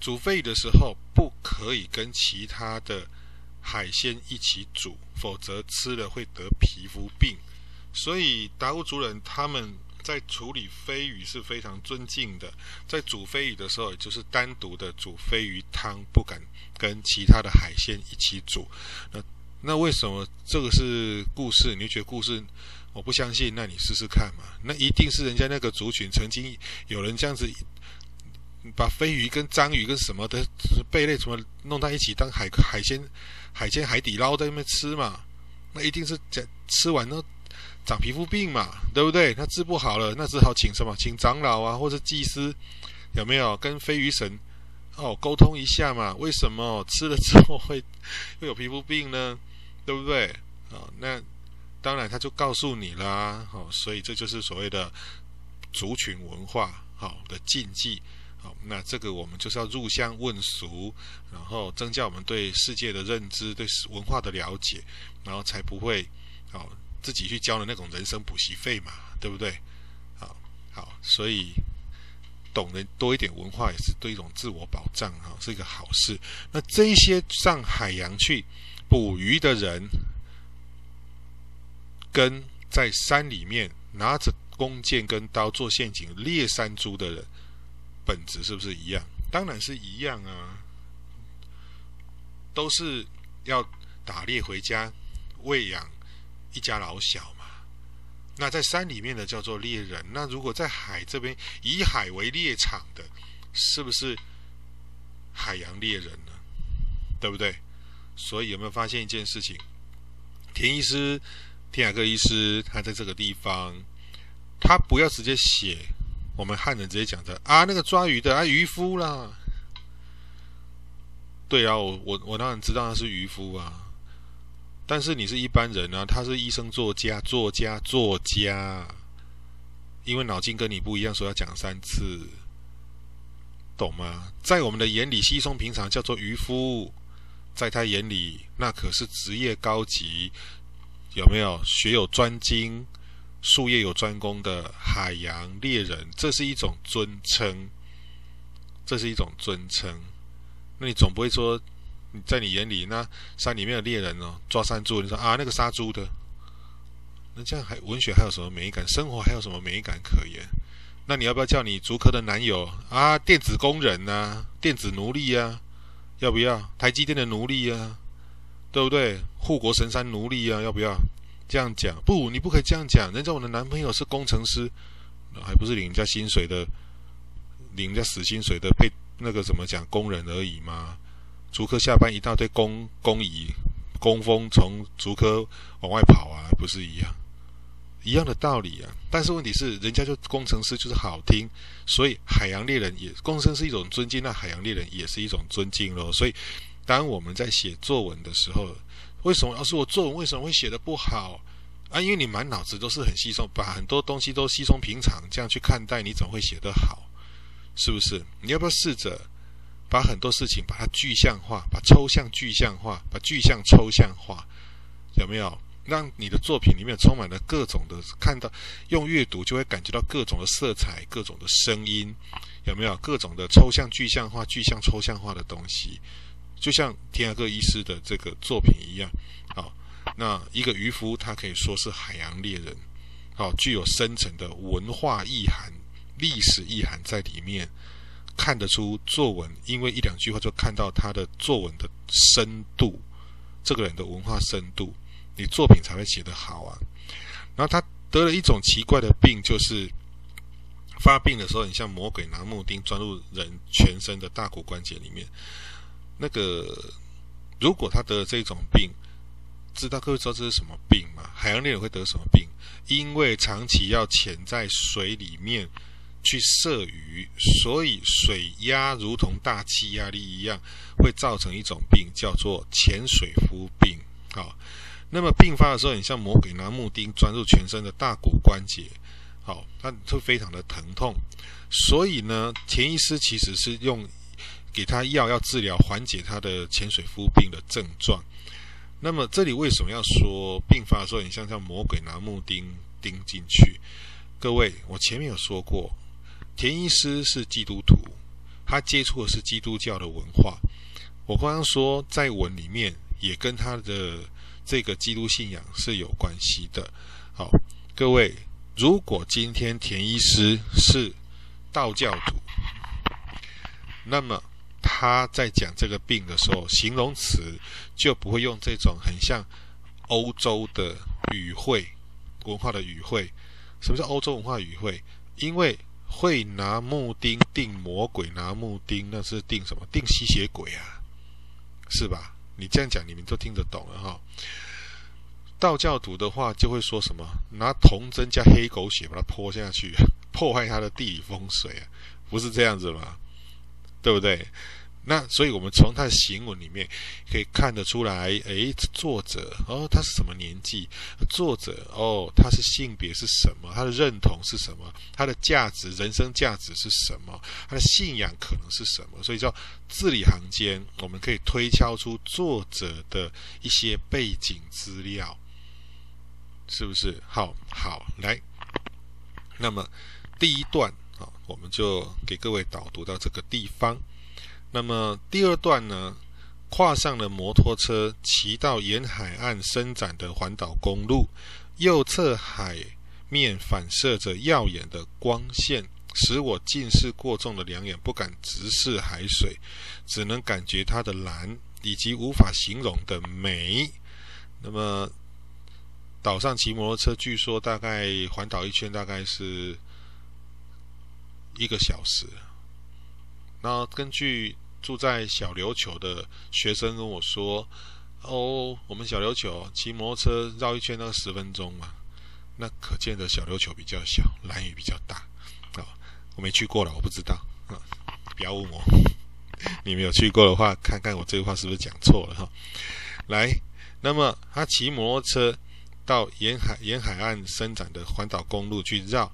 煮飛魚的時候不可以跟其他的海鮮一起煮，否則吃了會得皮膚病。所以達悟族人他們在處理飛魚是非常尊敬的，在煮飛魚的時候，也就是單獨的煮飛魚湯，不敢跟其他的海鮮一起煮。那那為什麼這個是故事？你覺得故事？我不相信，那你試試看嘛。那一定是人家那個族群曾經有人這樣子，把飛魚跟章魚跟什麼的貝類什麼弄在一起當海海鮮海鮮海底撈在那邊吃嘛。那一定是吃吃完後長皮膚病嘛，對不對？那治不好了，那只好請什麼請長老啊，或者祭司有沒有跟飛魚神哦溝通一下嘛？為什麼吃了之後會會有皮膚病呢？對不對？啊、哦，那。當然，他就告訴你啦，好、哦，所以這就是所謂的族群文化，好、哦、的禁忌，好、哦，那這個我們就是要入鄉問俗，然後增加我們對世界的認知、對文化的了解，然後才不會好、哦、自己去交了那種人生補習費嘛，對不對？好、哦，好，所以懂得多一點文化也是對一種自我保障哈、哦，是一個好事。那這些上海洋去捕魚的人。跟在山裡面拿着弓箭跟刀做陷阱獵山豬的人，本質是不是一樣？當然是一樣啊，都是要打獵回家餵養一家老小嘛。那在山裡面的叫做獵人，那如果在海這邊以海為獵場的，是不是海洋獵人呢？對不對？所以有沒有發現一件事情，田醫師？田雅各醫師，他在這個地方，他不要直接寫，我們漢人直接講的啊，那個抓魚的啊，漁夫啦。對啊，我我我當然知道他是漁夫啊，但是你是一般人啊，他是醫生、作家、作家、作家，因為腦筋跟你不一樣，所以要講三次，懂嗎？在我們的眼裡，稀鬆平常叫做漁夫，在他眼裡，那可是職業高級。有沒有學有專精、術業有專攻的海洋獵人？這是一種尊稱，這是一種尊稱。那你總不會說你在你眼裡那山裡面的獵人哦，抓山豬，你說啊那個殺豬的，那這樣還文學還有什麼美感？生活還有什麼美感可言、啊？那你要不要叫你竹科的男友啊？電子工人吶、啊，電子奴隸呀、啊？要不要台積電的奴隸呀、啊？對不對？護國神山奴隸啊，要不要這樣講？不，你不可以這樣講。人家我的男朋友是工程師，還不是領人家薪水的，領人家死薪水的，被那個怎麼講工人而已嗎？竹科下班一大堆工工蟻、工蜂從竹科往外跑啊，不是一樣，一樣的道理啊。但是問題是，人家就工程師就是好聽，所以海洋獵人也工程師是一種尊敬，那海洋獵人也是一種尊敬咯，所以。當我們在寫作文的時候，為什麼？要是我作文為什麼會寫得不好啊？因為你滿腦子都是很稀鬆，把很多東西都稀鬆平常這樣去看待，你怎麼會寫得好？是不是？你要不要試着把很多事情把它具象化，把抽象具象化，把具象抽象化？有沒有？讓你的作品裡面充滿了各種的，看到用閱讀就會感覺到各種的色彩、各種的聲音，有沒有？各種的抽象具象化、具象抽象化的東西。就像田雅各醫師的這個作品一樣，好、哦，那一個漁夫他可以說是海洋獵人，好、哦，具有深層的文化意涵、歷史意涵在裡面，看得出作文，因為一兩句話就看到他的作文的深度，這個人的文化深度，你作品才會寫得好啊。然後他得了一種奇怪的病，就是發病的時候，你像魔鬼拿木釘鑽入人全身的大骨關節裡面。那個，如果他得了這種病，知道各位知道這是什麼病嗎？海洋獵人會得什麼病？因為長期要潛在水裡面去射魚，所以水壓如同大氣壓力一樣，會造成一種病，叫做潛水夫病。好，那麼病發的時候，你像魔鬼拿木釘鑽入全身的大骨關節，好，它會非常的疼痛。所以呢，潛意識其實是用。給他藥要治療緩解他的潛水夫病的症狀。那麼這裡為什麼要說病發的時候？你像像魔鬼拿木釘釘進去。各位，我前面有說過，田醫師是基督徒，他接觸的是基督教的文化。我剛剛說在文裡面也跟他的這個基督信仰是有關係的。好，各位，如果今天田醫師是道教徒，那麼他在講這個病的時候，形容詞就不會用這種很像歐洲的語彙、文化的語彙。什麼叫歐洲文化語彙？因為會拿木釘釘魔鬼，拿木釘那是釘什麼？釘吸血鬼啊，是吧？你這樣講，你們都聽得懂了哈。道教徒的話就會說什麼，拿銅針加黑狗血把它潑下去，破壞他的地理風水啊，不是這樣子嗎？對不對？那所以，我們從他的行文裡面可以看得出來，誒，作者哦，他是什麼年紀？作者哦，他是性別是什麼？他的認同是什麼？他的價值，人生價值是什麼？他的信仰可能是什麼？所以叫字裡行間，我們可以推敲出作者的一些背景資料，是不是？好，好，來，那麼第一段。好，我們就給各位導讀到這個地方。那麼第二段呢？跨上了摩托車，騎到沿海岸伸展的環島公路，右側海面反射着耀眼的光線，使我近視過重的兩眼不敢直視海水，只能感覺它的藍以及無法形容的美。那麼島上騎摩托車，據說大概環島一圈，大概是。一個小時，那根據住在小琉球的學生跟我說，哦，我們小琉球騎摩托車繞一圈那個十分鐘嘛，那可見的小琉球比較小，蘭嶼比較大啊、哦。我沒去過了，我不知道啊。不要問我， 你沒有去過的話，看看我這句話是不是講錯了哈。來，那麼他騎摩托車。到沿海沿海岸伸展的環島公路去繞，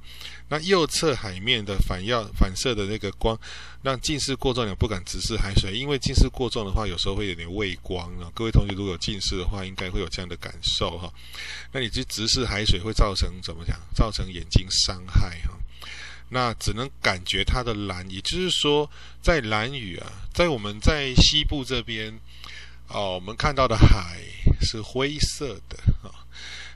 那右側海面的反耀反射的那個光，讓近視過重的人不敢直視海水，因為近視過重的話，有時候會有點畏光啊、哦。各位同學如果有近視的話，應該會有這樣的感受哈、哦。那你去直視海水會造成怎麼講？造成眼睛傷害哈、哦。那只能感覺它的藍，也就是說，在蘭嶼啊，在我們在西部這邊哦，我們看到的海是灰色的啊。哦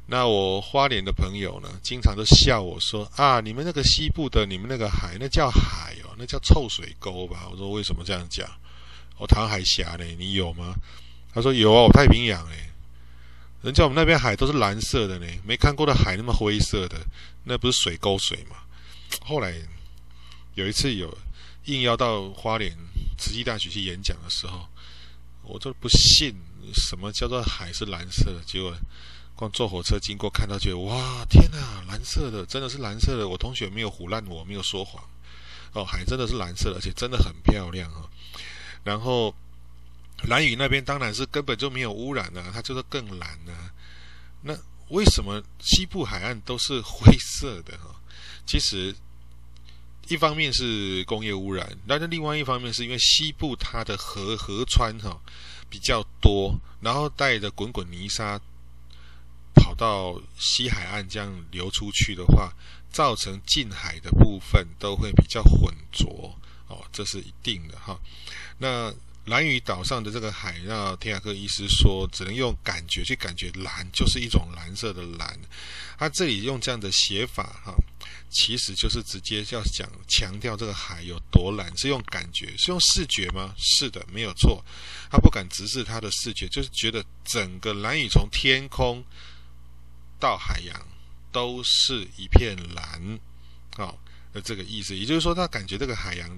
那我花蓮的朋友呢，經常都笑我說：“啊，你們那個西部的，你們那個海，那叫海哦，那叫臭水溝吧？”我說：“為什麼這樣講？”我、哦、唐海峽呢，你有嗎？他說：“有啊、哦，我太平洋哎。”人家我們那邊海都是藍色的呢，沒看過的海那麼灰色的，那不是水溝水嗎？後來有一次有應邀到花蓮慈濟大學去演講的時候，我就不信什麼叫做海是藍色的，結果。光坐火車經過看到，就哇天哪，藍色的真的是藍色的。我同學沒有唬爛我，沒有說謊。哦，海真的是藍色的，而且真的很漂亮啊、哦。然後蘭嶼那邊當然是根本就沒有污染啊，它就是更藍呢、啊。那為什麼西部海岸都是灰色的哈、哦？其實一方面是工業污染，但是另外一方面是因為西部它的河河川哈、哦、比較多，然後帶着滾滾泥沙。跑到西海岸這樣流出去的話，造成近海的部分都會比較渾濁哦，這是一定的哈。那蘭嶼島上的這個海呢，那田雅各醫師說只能用感覺去感覺藍，就是一種藍色的藍。他、啊、這裡用這樣的寫法哈，其實就是直接要想強調這個海有多藍，是用感覺，是用視覺嗎？是的，沒有錯。他不敢直視他的視覺，就是覺得整個蘭嶼從天空。到海洋都是一片藍，哦，的這個意思，也就是說，他感覺這個海洋，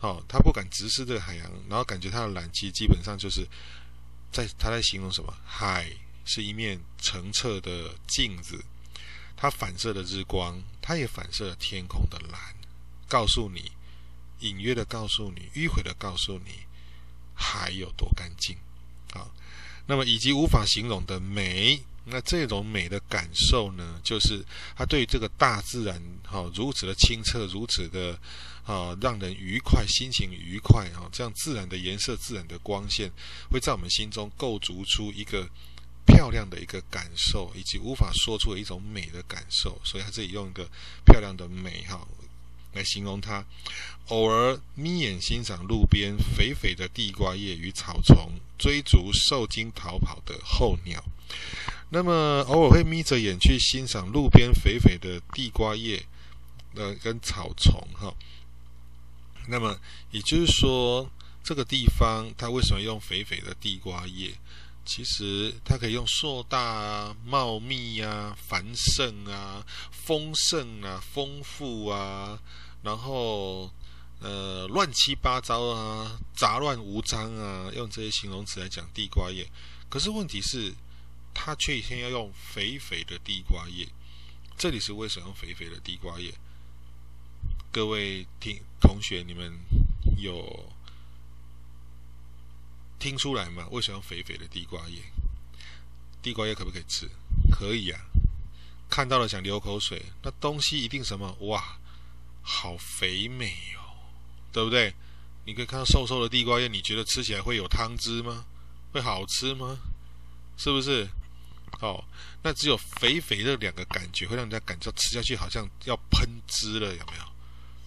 哦，他不敢直視這個海洋，然後感覺它的藍，其實基本上就是在他在形容什麼？海是一面澄澈的鏡子，它反射的日光，它也反射了天空的藍，告訴你，隱約的告訴你，迂迴的告訴你，海有多乾淨，啊、哦，那麼以及無法形容的美。那這種美的感受呢，就是它對於這個大自然哈、哦、如此的清澈，如此的啊、哦、讓人愉快，心情愉快哈、哦，這樣自然的顏色、自然的光線，會在我們心中構築出一個漂亮的一個感受，以及無法說出的一種美的感受。所以它這裡用一個漂亮的美哈。哦來形容他，偶爾眯眼欣賞路邊肥肥的地瓜葉與草叢，追逐受驚逃跑的候鳥。那麼偶爾會眯着眼去欣賞路邊肥肥的地瓜葉，呃，跟草叢哈。那麼也就是說，這個地方他為什麼用肥肥的地瓜葉？其實他可以用碩大啊、茂密啊、繁盛啊、豐盛啊、豐富啊。然後，呃，亂七八糟啊，雜亂無章啊，用這些形容詞來講地瓜葉。可是問題是，他卻一要用肥肥的地瓜葉。這裡是為什麼用肥肥的地瓜葉？各位聽同學，你們有聽出來嗎？為什麼用肥肥的地瓜葉？地瓜葉可不可以吃？可以啊，看到了想流口水，那東西一定什麼？哇！好肥美哦，對不對？你可以看到瘦瘦的地瓜葉，你覺得吃起來會有湯汁嗎？會好吃嗎？是不是？哦，那只有肥肥的兩個感覺，會讓人家感覺吃下去好像要噴汁了，有沒有？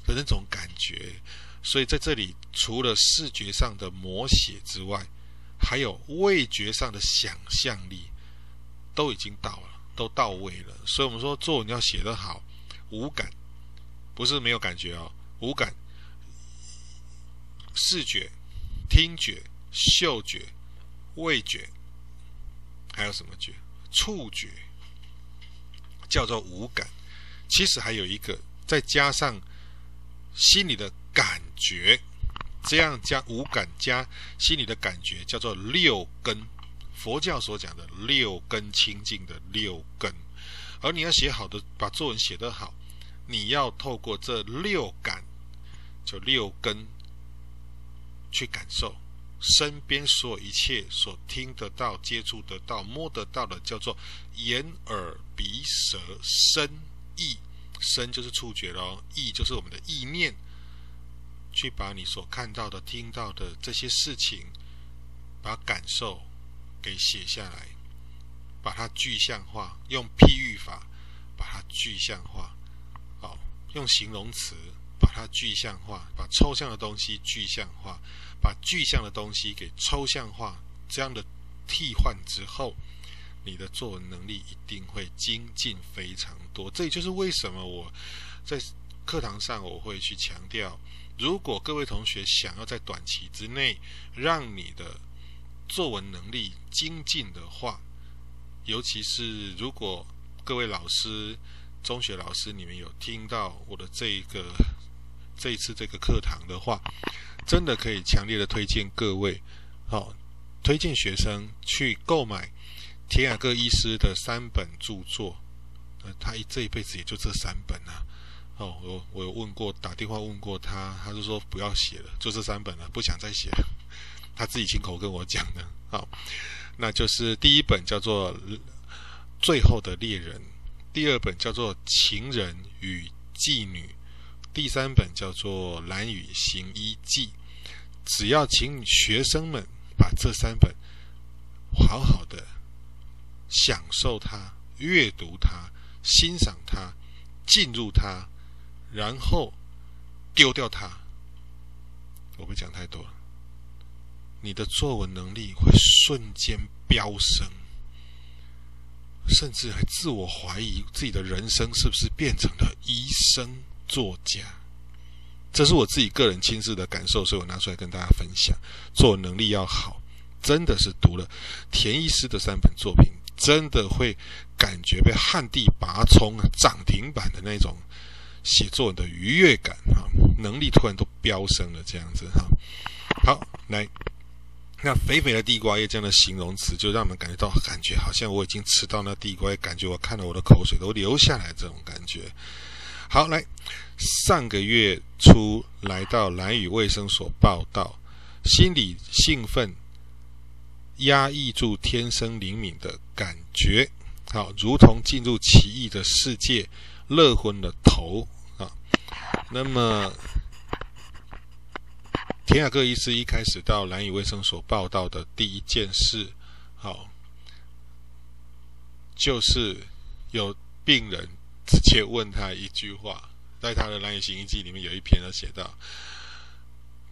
的那種感覺。所以在這裡，除了視覺上的摹寫之外，還有味覺上的想象力，都已經到了，都到位了。所以我們說，作文要寫得好，五感。不是沒有感覺哦，五感：視覺、聽覺、嗅覺、味覺，還有什麼覺？觸覺，叫做五感。其實還有一個，再加上心裡的感覺，這樣加五感加心裡的感覺，叫做六根。佛教所講的六根清淨的六根。而你要寫好的，把作文寫得好。你要透過這六感，就六根去感受身邊所有一切所聽得到、接觸得到、摸得到的，叫做眼、耳、鼻、舌、身、意。身就是觸覺咯，意就是我們的意念。去把你所看到的、聽到的這些事情，把感受給寫下來，把它具象化，用譬喻法把它具象化。用形容詞把它具象化，把抽象的東西具象化，把具象的東西給抽象化，這樣的替換之後，你的作文能力一定會精進非常多。這也就是為什麼我在課堂上我會去強調，如果各位同學想要在短期之內讓你的作文能力精進的話，尤其是如果各位老師。中學老師，你們有聽到我的這個這一次這個課堂的話，真的可以強烈的推薦各位，好、哦，推薦學生去購買田雅各醫師的三本著作。呃，他一這一輩子也就這三本啊，哦，我我有問過，打電話問過他，他就說不要寫了，就這三本了、啊，不想再寫了。他自己親口跟我講的。好、哦，那就是第一本叫做《最後的獵人》。第二本叫做《情人與妓女》，第三本叫做《蘭嶼行醫記》。只要請學生們把這三本好好的享受它、閱讀它、欣賞它、進入它，然後丟掉它。我不講太多了，你的作文能力會瞬間飆升。甚至還自我懷疑自己的人生是不是變成了醫生、作家，這是我自己個人親自的感受，所以我拿出來跟大家分享。作文能力要好，真的是讀了田醫師的三本作品，真的會感覺被旱地拔蔥啊，漲停板的那種寫作的愉悅感啊，能力突然都飆升了，這樣子哈。好，來。那肥肥的地瓜葉這樣的形容詞，就讓我們感覺到，感覺好像我已經吃到那地瓜葉，感覺我看到我的口水都流下來這種感覺。好，來上個月初來到蘭嶼衛生所報道，心裡興奮，壓抑住天生靈敏的感覺，好，如同進入奇異的世界，樂昏了頭啊。那麼。田雅各醫師一開始到蘭嶼衛生所報到的第一件事，哦，就是有病人直接問他一句話，在他的蘭嶼行醫記裡面有一篇他寫到，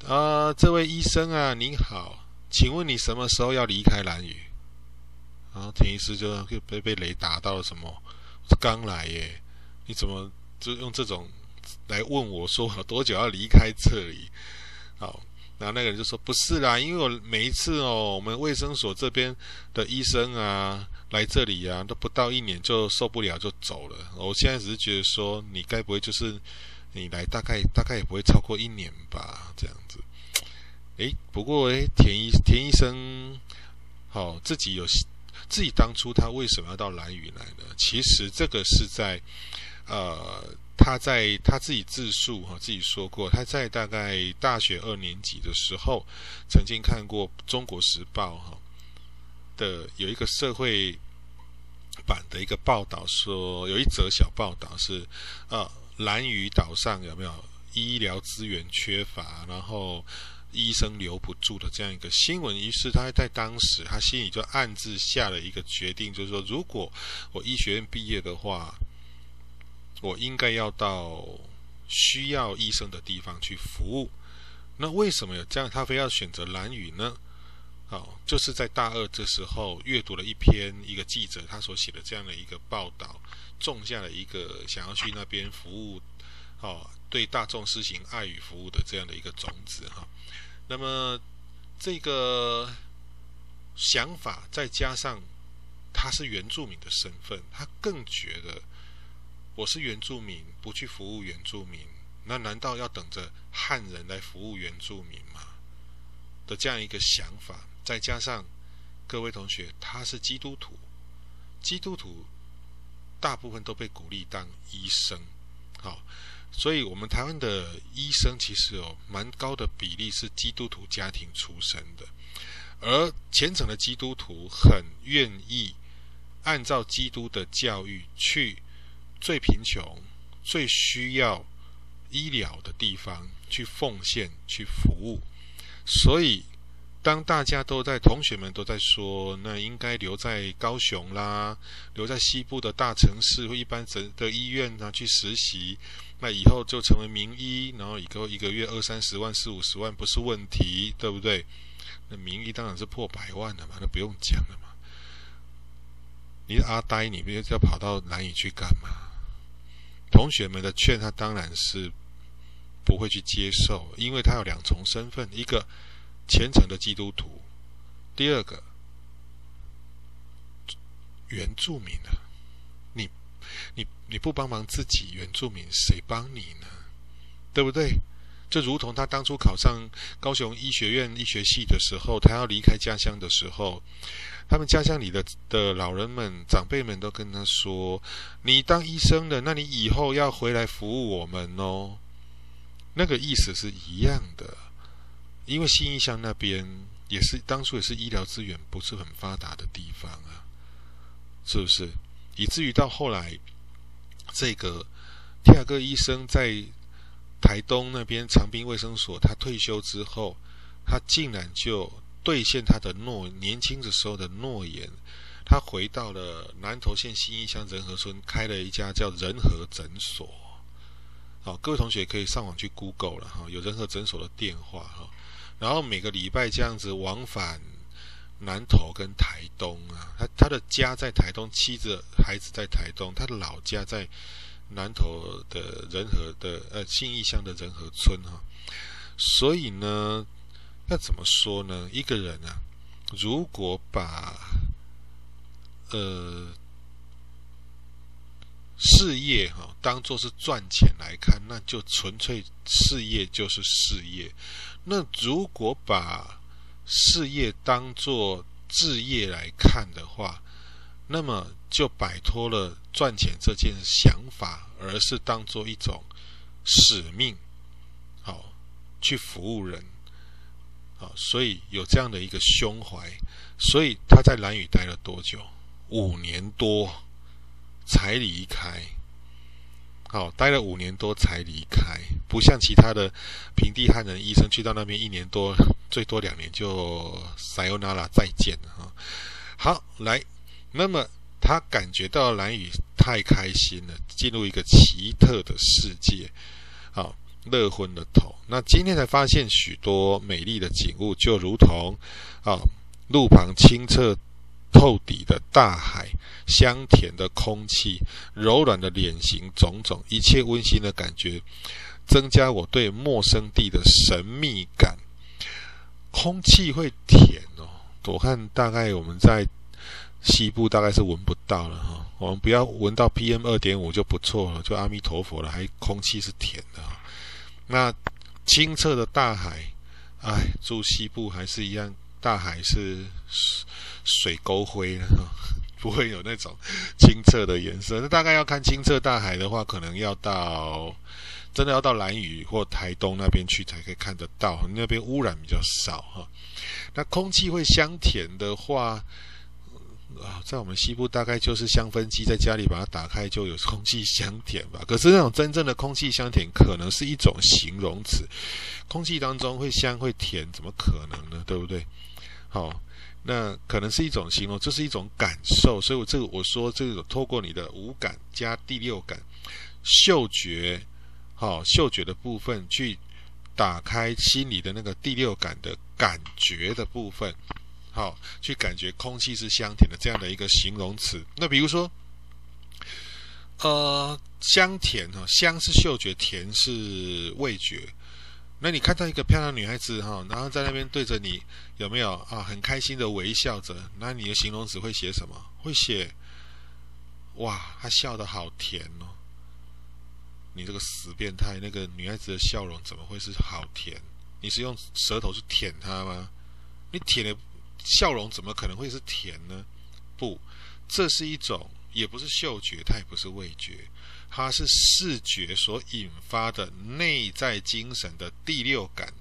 呃、啊，這位醫生啊，你好，請問你什麼時候要離開蘭嶼？然後田醫師就被被雷打到了，什麼？我剛來耶，你怎麼就用這種來問我說多久要離開這裡？好。那那個人就說不是啦，因為我每一次哦，我們衛生所這邊的醫生啊，來這裡啊，都不到一年就受不了就走了。我現在只是覺得說，你該不會就是你來大概大概也不會超過一年吧，這樣子。誒不過誒田醫田醫生，好、哦，自己有自己當初他為什麼要到蘭嶼來呢？其實這個是在。呃，他在他自己自述哈，自己說過，他在大概大學二年級的時候，曾經看過《中國時報》哈的有一個社會版的一個報道說，有一則小報道是，呃，蘭嶼島上有沒有醫療資源缺乏，然後醫生留不住的這樣一個新聞，於是他在當時他心裡就暗自下了一個決定，就是說，如果我醫學院畢業的話。我應該要到需要醫生的地方去服務。那為什麼有這樣？他非要選擇蘭嶼呢？好、哦，就是在大二這時候閱讀了一篇一個記者他所寫的這樣的一個報道，種下了一個想要去那邊服務，哦，對大眾施行愛與服務的這樣的一個種子哈、哦。那麼這個想法再加上他是原住民的身份，他更覺得。我是原住民，不去服務原住民，那難道要等着漢人來服務原住民嗎？的這樣一個想法，再加上各位同學他是基督徒，基督徒大部分都被鼓勵當醫生，好、哦，所以我們台灣的醫生其實有、哦、蠻高的比例是基督徒家庭出身的，而虔誠的基督徒很願意按照基督的教育去。最貧窮、最需要醫療的地方去奉獻、去服務，所以當大家都在同學們都在說，那應該留在高雄啦，留在西部的大城市或一般的的醫院呢、啊、去實習，那以後就成為名醫，然後以後一個月二三十萬、四五十萬不是問題，對不對？那名醫當然是破百萬的嘛，那不用講了嘛。你阿呆，你不要要跑到蘭嶼去幹嘛？同學們的勸他當然是不會去接受，因為他有兩重身份：一個虔誠的基督徒，第二個原住民呢、啊？你你你不幫忙自己原住民，誰幫你呢？對不對？就如同他當初考上高雄醫學院醫學系的時候，他要離開家鄉的時候。他們家鄉裡的的老人們、長輩們都跟他說：“你當醫生的，那你以後要回來服務我們哦。”那個意思是一樣的，因為信義鄉那邊也是當初也是醫療資源不是很發達的地方啊，是不是？以至於到後來，這個田雅各醫生在台東那邊長濱衛生所，他退休之後，他竟然就。兌現他的諾，年輕的時候的諾言，他回到了南投縣信義鄉人和村，開了一家叫人和診所。好、哦，各位同學可以上網去 Google 了哈、哦，有人和診所的電話哈、哦。然後每個禮拜這樣子往返南投跟台東啊，他他的家在台東，妻子孩子在台東，他的老家在南投的人和的呃信義鄉的人和村哈、哦。所以呢。那怎麼說呢？一個人啊，如果把呃事業哈、哦、當做是賺錢來看，那就純粹事業就是事業。那如果把事業當做志業來看的話，那麼就擺脫了賺錢這件想法，而是當做一種使命，好、哦、去服務人。啊，所以有這樣的一個胸懷，所以他在蘭嶼待了多久？五年多才離開。好，待了五年多才離開，不像其他的平地漢人醫生去到那邊一年多，最多兩年就 Sayonara 再見哈。好，來，那麼他感覺到蘭嶼太開心了，進入一個奇特的世界。好樂昏的頭，那今天才發現許多美麗的景物，就如同啊，路旁清澈透底的大海，香甜的空氣，柔軟的臉型，種種一切溫馨的感覺，增加我對陌生地的神秘感。空氣會甜哦，我看大概我們在西部大概是聞不到了哈、哦，我們不要聞到 PM 二點五就不錯了，就阿彌陀佛了，還空氣是甜的。那清澈的大海，哎，住西部還是一樣，大海是水溝灰，不會有那種清澈的顏色。那大概要看清澈大海的話，可能要到真的要到蘭嶼或台東那邊去才可以看得到，那邊污染比較少哈。那空氣會香甜的話。啊，在我們西部大概就是香氛機，在家裡把它打開就有空氣香甜吧。可是那種真正的空氣香甜，可能是一種形容詞，空氣當中會香會甜，怎麼可能呢？對不對？好，那可能是一種形容，這、就是一種感受。所以我這個我說，這個透過你的五感加第六感，嗅覺，好、哦，嗅覺的部分去打開心裡的那個第六感的感覺的部分。好，去感覺空氣是香甜的這樣的一個形容詞。那比如說，呃，香甜哈，香是嗅覺，甜是味覺。那你看到一個漂亮女孩子哈，然後在那邊對着你有沒有啊？很開心的微笑着。那你的形容詞會寫什麼？會寫哇，她笑得好甜哦！你這個死變態，那個女孩子的笑容怎麼會是好甜？你是用舌頭去舔她嗎？你舔的？笑容怎麼可能會是甜呢？不，這是一種，也不是嗅覺，它也不是味覺，它是視覺所引發的內在精神的第六感，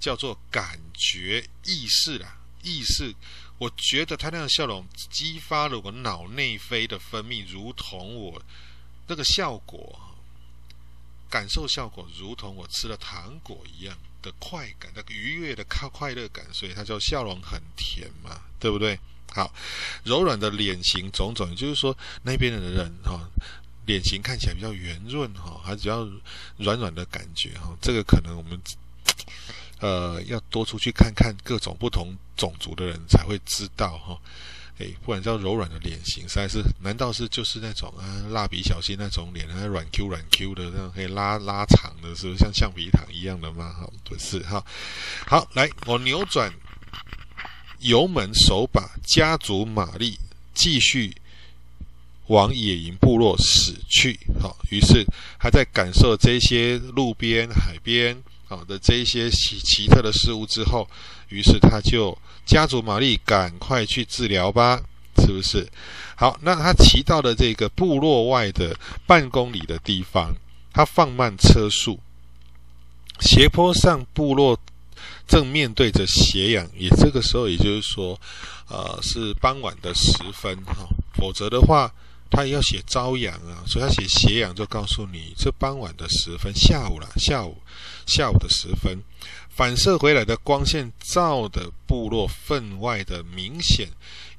叫做感覺意識啦、啊。意識，我覺得他那樣笑容激發了我腦內啡的分泌，如同我那個效果，感受效果，如同我吃了糖果一樣。的快感、的愉悅的快快樂感，所以它叫笑容很甜嘛，對不對？好，柔軟的臉型，種種，就是說那邊的人哈，臉型看起來比較圓潤哈，還比較軟軟的感覺哈，這個可能我們呃要多出去看看各種不同種族的人才會知道哈。誒，hey, 不然叫柔軟的臉型，實在是，難道是就是那種啊，蠟筆小新那種臉，啊，軟 Q 軟 Q 的，這樣可以拉拉長的是不是像橡皮糖一樣的嗎？哈，不是哈。好，來我扭轉油門手把，加足馬力，繼續往野營部落駛去。好，於是還在感受這些路邊、海邊。好的，這一些奇奇特的事物之後，於是他就加足馬力，趕快去治療吧，是不是？好，那他騎到了這個部落外的半公里的地方，他放慢車速。斜坡上部落正面對着斜陽，也這個時候也就是說，呃，是傍晚的時分哈、哦，否則的話。他也要寫朝陽啊，所以他寫斜陽就告訴你，這傍晚的時分，下午啦，下午，下午的時分，反射回來的光線照的部落分外的明顯，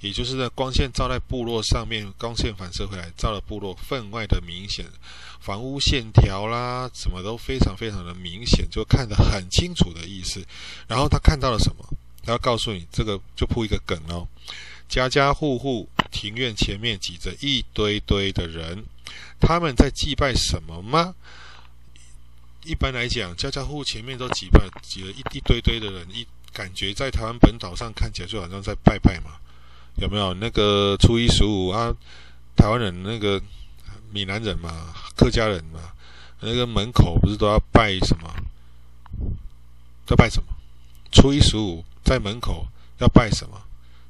也就是呢，光線照在部落上面，光線反射回來照的部落分外的明顯，房屋線條啦，什麼都非常非常的明顯，就看得很清楚的意思。然後他看到了什麼？他要告訴你，這個就鋪一個梗哦，家家戶戶。庭院前面擠着一堆堆的人，他們在祭拜什麼嗎？一般來講，家家戶戶前面都擠了擠了一一堆堆的人，一感覺在台灣本島上看起來就好像在拜拜嘛，有沒有？那個初一十五啊，台灣人那個閩南人嘛，客家人嘛，那個門口不是都要拜什麼？要拜什麼？初一十五在門口要拜什麼？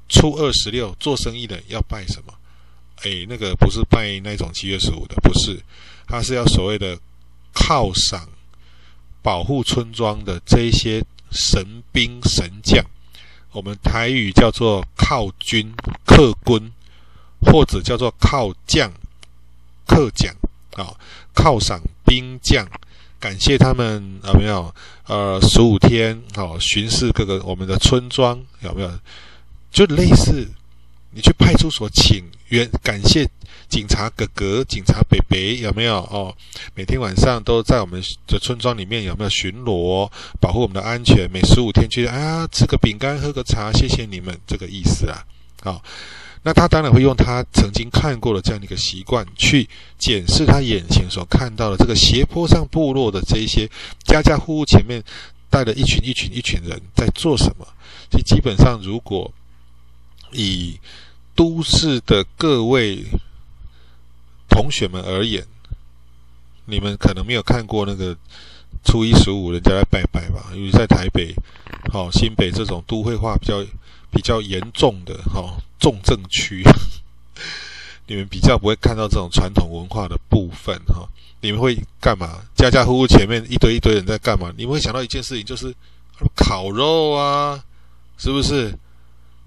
初二十六做生意的要拜什麼？哎，那個不是拜那種七月十五的，不是，他是要所謂的犒賞保護村莊的這一些神兵神將。我們台語叫做犒軍客軍，或者叫做犒將客將啊、哦，犒賞兵將，感謝他們。有沒有？呃，十五天。好、哦、巡視各個我們的村莊，有沒有？就類似，你去派出所請員，感謝警察哥哥、警察伯伯，有沒有哦？每天晚上都在我們的村莊裡面有沒有巡邏，保護我們的安全？每十五天去，啊，吃個餅乾，喝個茶，謝謝你們，這個意思啊。好、哦，那他當然會用他曾經看過的這樣的一個習慣去檢視他眼前所看到的這個斜坡上部落的這些家家戶戶前面帶了一群一群一群人在做什麼？所以基本上如果。以都市的各位同學們而言，你們可能沒有看過那個初一十五人家來拜拜吧？因為在台北、哦，新北這種都會化比較比較嚴重的哈、哦、重症區，你們比較不會看到這種傳統文化的部分哈、哦。你們會幹嘛？家家戶戶前面一堆一堆人在幹嘛？你們會想到一件事情，就是烤肉啊，是不是？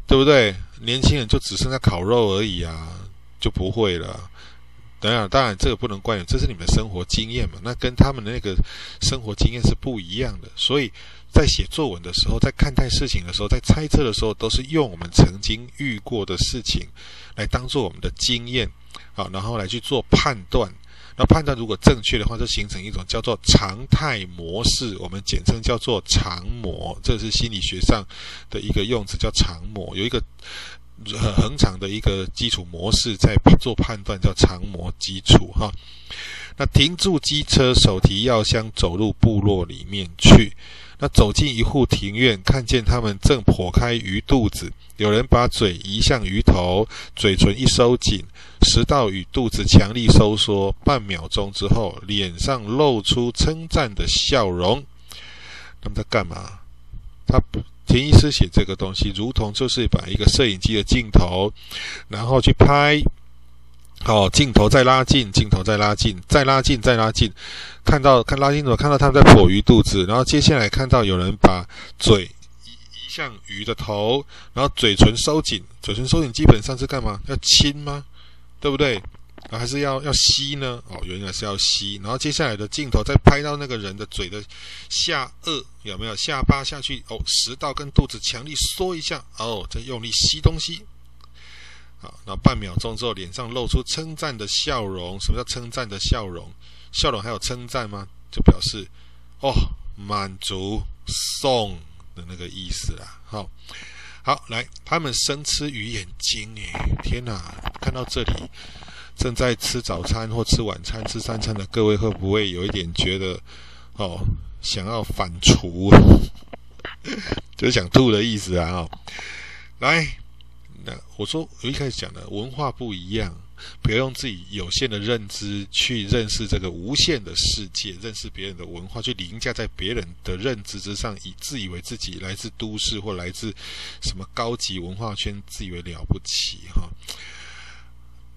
對不對？年輕人就只剩下烤肉而已啊，就不會了。當然，當然，這個不能怪你，這是你們生活經驗嘛。那跟他們的那個生活經驗是不一樣的。所以在寫作文的時候，在看待事情的時候，在猜測的時候，都是用我們曾經遇過的事情來當作我們的經驗，好，然後來去做判斷。那判斷如果正確的話，就形成一種叫做常態模式，我們簡稱叫做常模，這是心理學上的一個用詞，叫常模。有一個很恆常的一個基礎模式在做判斷，叫常模基礎。哈，那停住機車，手提藥箱，走入部落裡面去。那走進一戶庭院，看見他們正剖開魚肚子，有人把嘴移向魚頭，嘴唇一收緊，食道與肚子強力收縮，半秒鐘之後，臉上露出稱讚的笑容。那麼在幹嘛？他田醫師寫這個東西，如同就是把一個攝影機的鏡頭，然後去拍。好、哦，鏡頭再拉近，鏡頭再拉近，再拉近，再拉近，拉近看到看拉近怎麼看到他們在剖魚肚子，然後接下來看到有人把嘴移移向魚的頭，然後嘴唇收緊，嘴唇收緊基本上是幹嘛？要親嗎？對不對？啊，還是要要吸呢？哦，原來是要吸。然後接下來的鏡頭再拍到那個人的嘴的下顎有沒有下巴下去？哦，食道跟肚子強力縮一下，哦，再用力吸東西。好，然後半秒鐘之後，臉上露出稱讚的笑容。什麼叫稱讚的笑容？笑容還有稱讚嗎？就表示哦，滿足送的那個意思啦。好、哦，好，來，他們生吃魚眼睛，哎，天哪！看到這裡，正在吃早餐或吃晚餐、吃三餐的各位，會不會有一點覺得哦，想要反芻， 就是想吐的意思啊。哈、哦，來。那我說，我一開始講的文化不一樣，不要用自己有限的認知去認識這個無限的世界，認識別人的文化，去凌駕在別人的認知之上，以自以為自己來自都市或來自什麼高級文化圈，自以為了不起哈，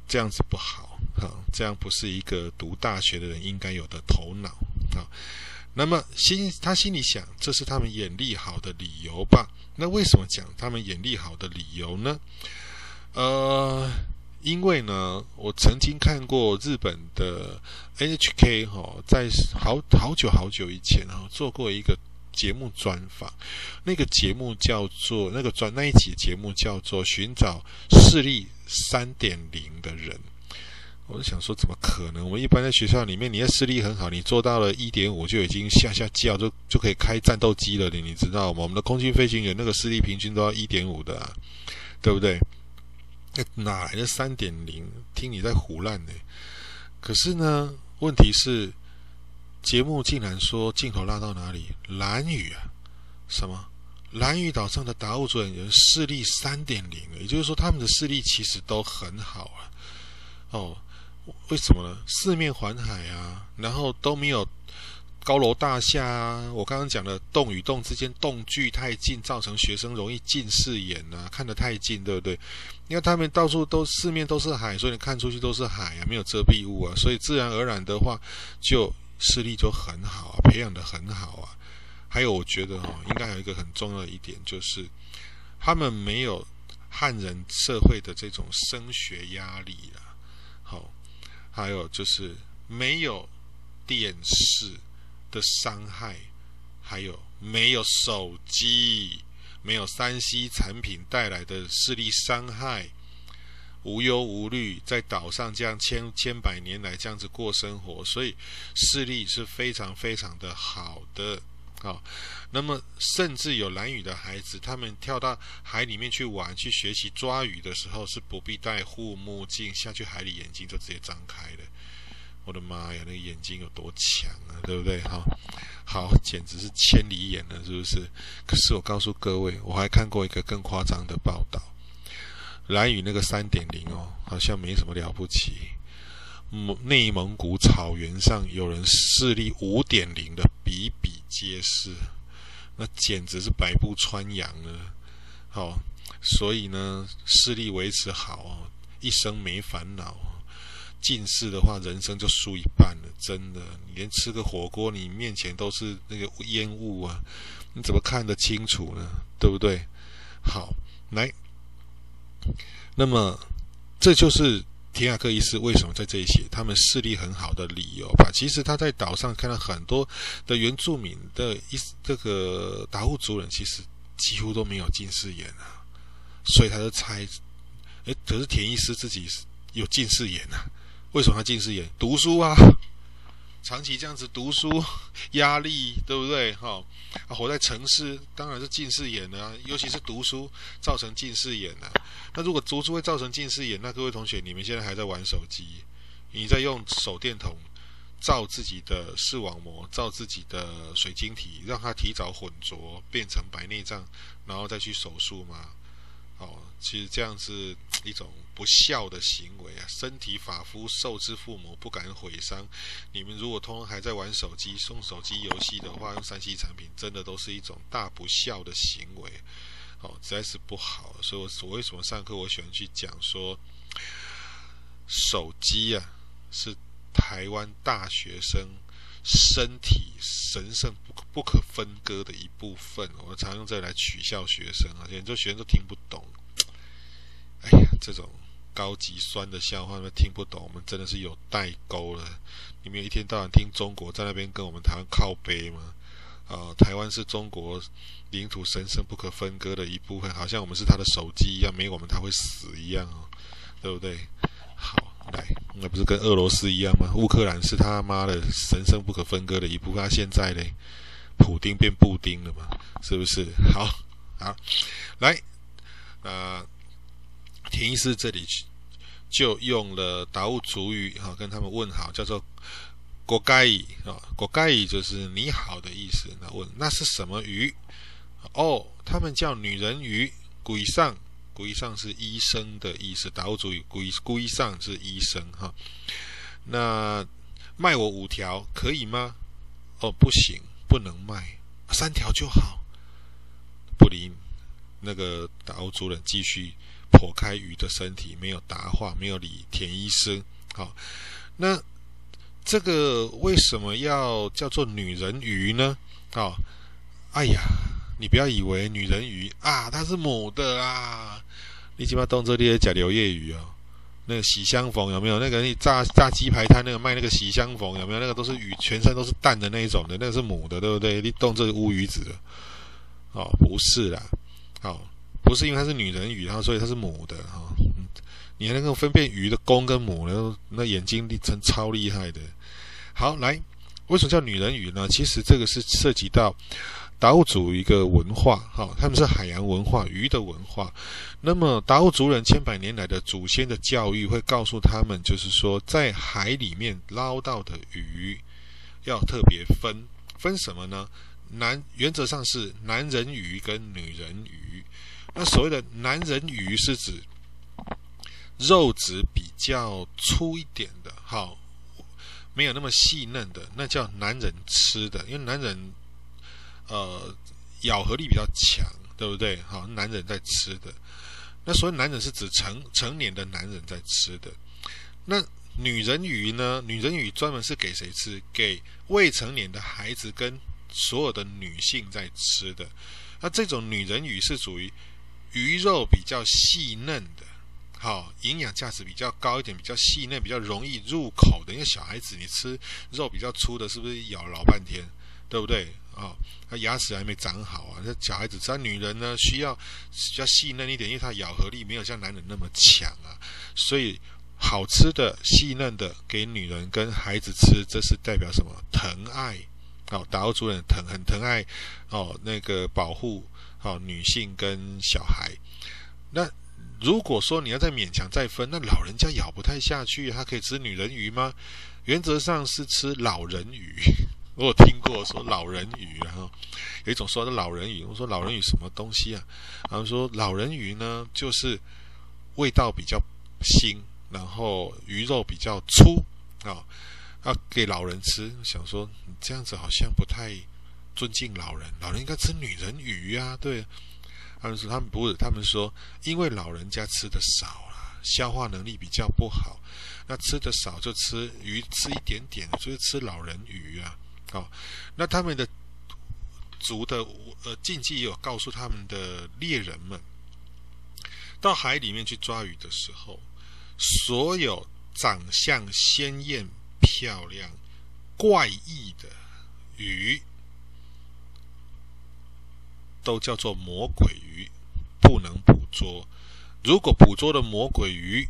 這樣子不好哈，這樣不是一個讀大學的人應該有的頭腦啊。那麼心，他心裡想，這是他們眼力好的理由吧？那為什麼講他們眼力好的理由呢？呃，因為呢，我曾經看過日本的 NHK 哈、哦，在好好久好久以前哈、哦，做過一個節目專訪，那個節目叫做那個專那一集節目叫做尋找視力三點零的人。我就想說，怎麼可能？我們一般在學校裡面，你的視力很好，你做到了一點五，就已經嚇嚇叫，就就可以開戰鬥機了。你你知道嗎？我們的空軍飛行員那個視力平均都要一點五的啊，對不對？那哪來的三點零？聽你在唬爛的。可是呢，問題是節目竟然說鏡頭拉到哪裡？蘭嶼啊？什麼？蘭嶼島上的達悟族人員視力三點零，也就是說他們的視力其實都很好啊。哦。為什麼呢？四面環海啊，然後都沒有高樓大廈啊。我剛剛講的棟與棟之間棟距太近，造成學生容易近視眼啊，看得太近，對不對？你看他們到處都四面都是海，所以你看出去都是海啊，沒有遮蔽物啊，所以自然而然的話，就視力就很好，啊，培養得很好啊。還有，我覺得哈、哦，應該有一個很重要的一點，就是他們沒有漢人社會的這種升學壓力了、啊，好、哦。還有就是沒有電視的傷害，還有沒有手機、沒有三 C 產品帶來的視力傷害，無憂無慮在島上這樣千千百年來這樣子過生活，所以視力是非常非常的好的。好、哦，那麼甚至有蘭嶼的孩子，他們跳到海裡面去玩，去學習抓魚的時候，是不必戴護目鏡下去海裡，眼睛就直接張開了。我的媽呀，那個眼睛有多強啊？對不對？哈、哦，好，簡直是千里眼了，是不是？可是我告訴各位，我還看過一個更誇張的報道，蘭嶼那個三點零哦，好像沒什麼了不起。蒙內蒙古草原上有人視力五點零的比比皆是，那簡直是百步穿楊了。好、哦，所以呢，視力維持好哦，一生沒煩惱。近視的話，人生就輸一半了，真的。你連吃個火鍋，你面前都是那個煙霧啊，你怎麼看得清楚呢？對不對？好，來，那麼這就是。田雅各醫師為什麼在這裡寫他們視力很好的理由吧？其實他在島上看到很多的原住民的一這個達悟族人，其實幾乎都沒有近視眼啊，所以他就猜。誒，可是田醫師自己有近視眼啊，為什麼他近視眼？讀書啊。長期這樣子讀書，壓力對不對？哈、哦啊，活在城市當然是近視眼呢，啊，尤其是讀書造成近視眼啊，那如果讀書會造成近視眼，那各位同學，你們現在還在玩手機？你在用手電筒照自己的視網膜，照自己的水晶體，讓它提早混濁，變成白內障，然後再去手術嗎？哦，其實這樣子是一種。不孝的行為啊！身體髮膚，受之父母，不敢毀傷。你們如果通通還在玩手機、送手機遊戲的話，用三 C 產品真的都是一種大不孝的行為，哦，實在是不好。所以我我為什麼上課，我喜歡去講說，手機啊是台灣大學生身體神聖不可不可分割的一部分。我們常用這來取笑學生啊，很多學生都聽不懂。哎呀，這種。高級酸的笑話，那聽不懂，我們真的是有代溝了。你們有一天到晚聽中國在那邊跟我們台灣靠北嗎？啊、呃，台灣是中國領土神聖不可分割的一部分，好像我們是他的手機一樣，沒有我們他會死一樣哦，對不對？好，來，那不是跟俄羅斯一樣嗎？烏克蘭是他媽的神聖不可分割的一部分，他現在呢，普丁變布丁了嗎？是不是？好，好，來，呃。田醫師這裡就用了達悟族語，哈，跟他們問好，叫做國“國蓋伊”啊，“國蓋伊”就是“你好”的意思。那問那是什麼魚？哦，他們叫女人魚。龜上，龜上是醫生的意思。達悟族語，龜龜上是醫生哈。那賣我五條可以嗎？哦，不行，不能賣，三條就好。不理，那個達悟族人繼續。剖開魚的身體，沒有答話，沒有理田醫生。好、哦，那這個為什麼要叫做女人魚呢？哦，哎呀，你不要以為女人魚啊，它是母的啦、啊。你起碼動這些假柳葉魚啊、哦，那個喜相逢有沒有？那個你炸炸雞排攤那個賣那個喜相逢有沒有？那個都是魚，全身都是蛋的那一種的，那個是母的，對不對？你動這個烏魚子哦，不是啦，哦。不是因為它是女人魚，然後所以它是母的哈。你還能夠分辨魚的公跟母，然後那眼睛真超厲害的。好，來，為什麼叫女人魚呢？其實這個是涉及到達悟族一個文化哈，他們是海洋文化，魚的文化。那麼達悟族人千百年來的祖先的教育會告訴他們，就是說在海裡面撈到的魚要特別分，分什麼呢？男，原則上是男人魚跟女人魚。那所謂的男人魚是指肉質比較粗一點的，好，沒有那麼細嫩的，那叫男人吃的，因為男人，呃，咬合力比較強，對不對？好，男人在吃的。那所謂男人是指成成年的男人在吃的。那女人魚呢？女人魚專門是給誰吃？給未成年的孩子跟所有的女性在吃的。那這種女人魚是屬於。魚肉比較細嫩的，好、哦，營養價值比較高一點，比較細嫩，比較容易入口的。因為小孩子你吃肉比較粗的，是不是咬老半天，對不對啊、哦？他牙齒還沒長好啊。那小孩子吃，再、啊、女人呢，需要比較細嫩一點，因為他咬合力沒有像男人那麼強啊。所以好吃的細嫩的給女人跟孩子吃，這是代表什麼？疼愛哦，達悟族人疼，很疼愛哦，那個保護。好，女性跟小孩。那如果說你要再勉強再分，那老人家咬不太下去，他可以吃女人魚嗎？原則上是吃老人魚。 我聽過說老人魚，然後有一種說的老人魚，我說老人魚什麼東西啊？他們說老人魚呢，就是味道比較腥，然後魚肉比較粗啊，要給老人吃。想說你這樣子好像不太。尊敬老人，老人應該吃女人魚啊！對，他們說他們不是，他們說因為老人家吃的少啊，消化能力比較不好，那吃的少就吃魚，吃一點點，所以吃老人魚啊。好、哦，那他們的族的呃禁忌也有告訴他們的獵人們，到海裡面去抓魚的時候，所有長相鮮艷、漂亮、怪異的魚。都叫做魔鬼魚，不能捕捉。如果捕捉了魔鬼魚，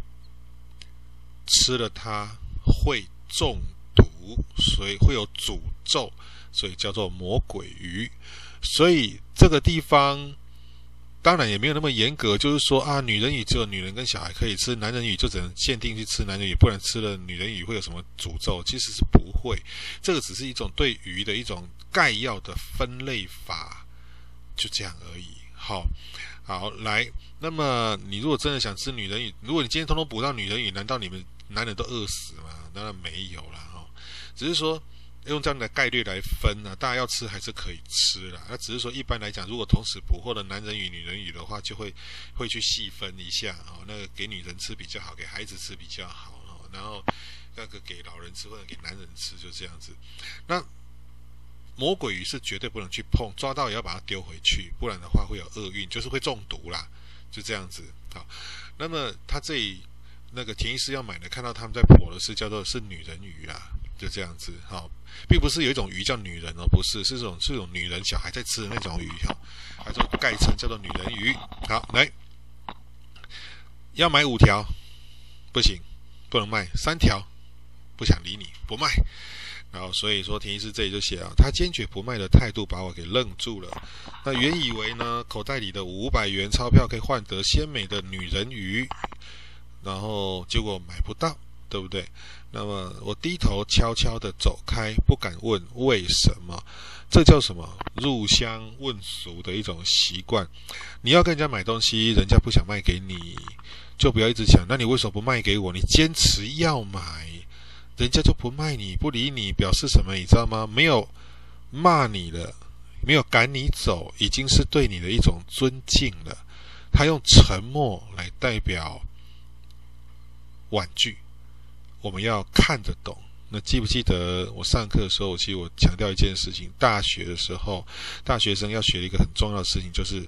吃了它會中毒，所以會有詛咒，所以叫做魔鬼魚。所以這個地方當然也沒有那麼嚴格，就是說啊，女人魚只有女人跟小孩可以吃，男人魚就只能限定去吃男人魚，不然吃了女人魚會有什麼詛咒？其實是不會，這個只是一種對魚的一種概要的分類法。就這樣而已，哦、好，好來。那麼你如果真的想吃女人魚，如果你今天通通捕到女人魚，難道你們男人都餓死嗎？當然沒有啦。哈、哦，只是說用這樣的概率來分呢、啊，大家要吃還是可以吃啦。那只是說一般來講，如果同時捕獲了男人魚、女人魚的話，就會會去細分一下哦，那個給女人吃比較好，給孩子吃比較好哦，然後那個給老人吃或者給男人吃就這樣子。那魔鬼魚是絕對不能去碰，抓到也要把它丟回去，不然的話會有厄運，就是會中毒啦，就這樣子。好，那麼他這那個田醫師要買的，看到他們在捕的是叫做是女人魚啊，就這樣子。好，並不是有一種魚叫女人哦，不是，是這種是這種女人小孩在吃的那種魚，哈，還說概稱叫做女人魚。好，來要買五條，不行，不能賣，三條，不想理你，不賣。然後所以說，田醫師這裡就寫了，他堅決不賣的態度把我給愣住了。那原以為呢，口袋裡的五百元鈔票可以換得鮮美的女人魚，然後結果買不到，對不對？那麼我低頭悄悄地走開，不敢問為什麼。這叫什麼？入鄉問俗的一種習慣。你要跟人家買東西，人家不想賣給你，就不要一直想。那你為什麼不賣給我？你堅持要買？人家就不賣你，不理你，表示什麼？你知道嗎？沒有罵你了，沒有趕你走，已經是對你的一種尊敬了。他用沉默來代表婉拒，我們要看得懂。那記不記得我上課的時候，我其實我強調一件事情：大學的時候，大學生要學一個很重要的事情，就是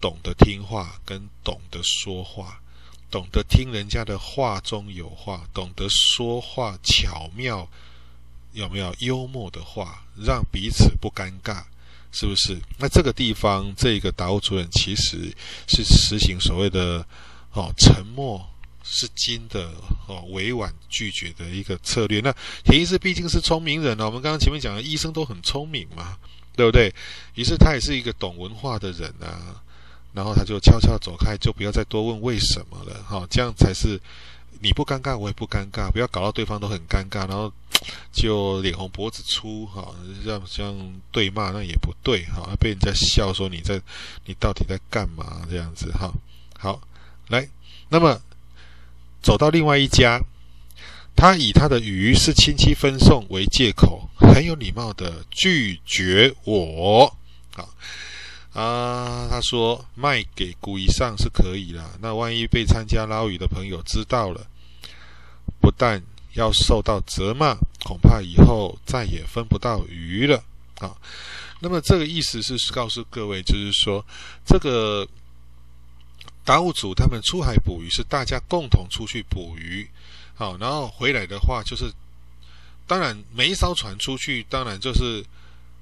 懂得聽話跟懂得說話。懂得聽人家的話中有話，懂得說話巧妙，有沒有幽默的話，讓彼此不尷尬，是不是？那這個地方，這個導主任其實是實行所謂的“哦，沉默是金”的哦，委婉拒絕的一個策略。那田醫師畢竟是聰明人呢、啊，我們剛剛前面講的醫生都很聰明嘛，對不對？於是他也是一個懂文化的人啊。然後他就悄悄走開，就不要再多問為什麼了，哈，這樣才是你不尷尬，我也不尷尬，不要搞到對方都很尷尬，然後就臉紅脖子粗，哈，這樣這樣對罵那也不對，哈，被人家笑說你在你到底在幹嘛這樣子，哈，好來，那麼走到另外一家，他以他的魚是親戚分送為借口，很有禮貌的拒絕我，哈。啊，他說賣給古以上是可以了，那萬一被參加撈魚的朋友知道了，不但要受到責罵，恐怕以後再也分不到魚了啊。那麼這個意思是告訴各位，就是說這個達悟族他們出海捕魚是大家共同出去捕魚，好、啊，然後回來的話就是，當然每一艘船出去，當然就是。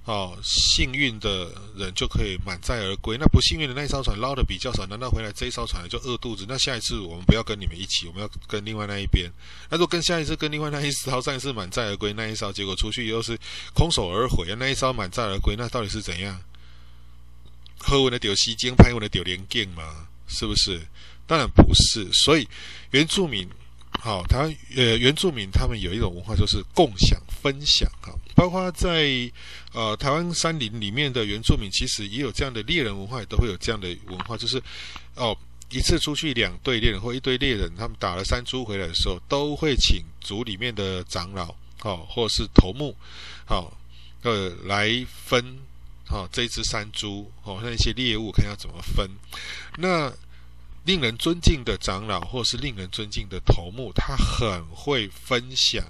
哦，幸運的人就可以滿載而歸，那不幸運的那一艘船撈的比較少，難道回來這一艘船就餓肚子？那下一次我們不要跟你們一起，我們要跟另外那一邊。那如果跟下一次跟另外那一艘，上一次滿載而歸那一艘，結果出去又是空手而回，那一艘滿載而歸，那到底是怎樣？喝我的屌，西金，拍我的屌，連鏡嘛，是不是？當然不是。所以原住民。好，台灣呃，原住民他們有一種文化，就是共享分享哈。包括在呃台灣山林裡面的原住民，其實也有這樣的獵人文化，也都會有這樣的文化，就是哦，一次出去兩隊獵人或一隊獵人，他們打了山豬回來的時候，都會請族裡面的長老好、哦，或者是頭目好、哦，呃，來分好、哦、這一只山豬哦，那一些獵物看要怎麼分，那。令人尊敬的長老，或者是令人尊敬的頭目，他很會分享，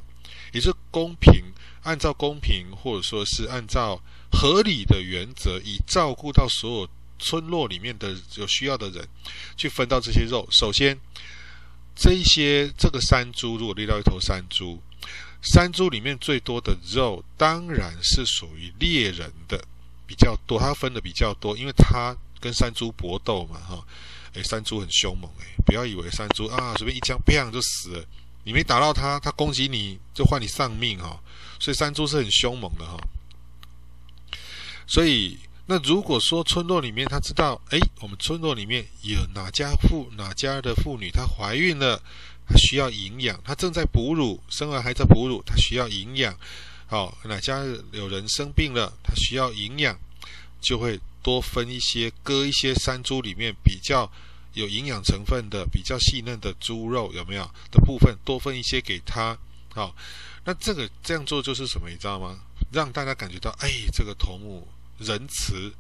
也是公平，按照公平，或者說是按照合理的原則，以照顧到所有村落裡面的有需要的人，去分到這些肉。首先，這一些這個山豬，如果獵到一頭山豬，山豬裡面最多的肉，當然是屬於獵人的比較多，他分的比較多，因為他跟山豬搏鬥嘛，齁。誒，山豬很兇猛誒，不要以為山豬啊隨便一槍砰就死了，你沒打到它，它攻擊你就換你喪命齁。所以山豬是很兇猛的齁。所以那如果說村落裡面他知道，誒，我們村落裡面有哪家婦哪家的婦女她懷孕了，她需要營養，她正在哺乳，生完孩子還在哺乳，她需要營養。齁，哪家有人生病了，她需要營養，就會。多分一些，割一些山豬裡面比較有營養成分的，比較細嫩的豬肉，有沒有的部分多分一些給他，好、哦，那這個這樣做就是什麼，你知道嗎？讓大家感覺到，哎，這個頭目仁慈，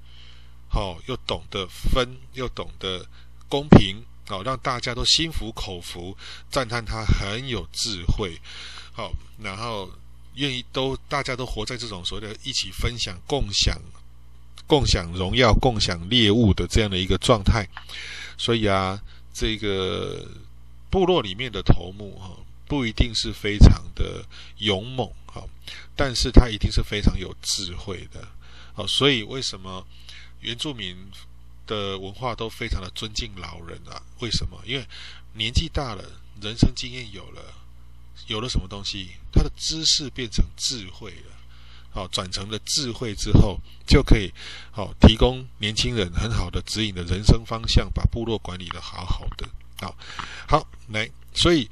好、哦，又懂得分，又懂得公平，好、哦，讓大家都心服口服，讚嘆他很有智慧，好、哦，然後願意都大家都活在這種所謂的一起分享、共享。共享榮耀、共享獵物的這樣的一個狀態，所以啊，這個部落裡面的頭目啊，不一定是非常的勇猛啊，但是他一定是非常有智慧的。好，所以為什麼原住民的文化都非常的尊敬老人啊？為什麼？因為年紀大了，人生經驗有了，有了什麼東西，他的知識變成智慧了。好，轉成了智慧之後，就可以好提供年輕人很好的指引的人生方向，把部落管理得好好的。好，好來，所以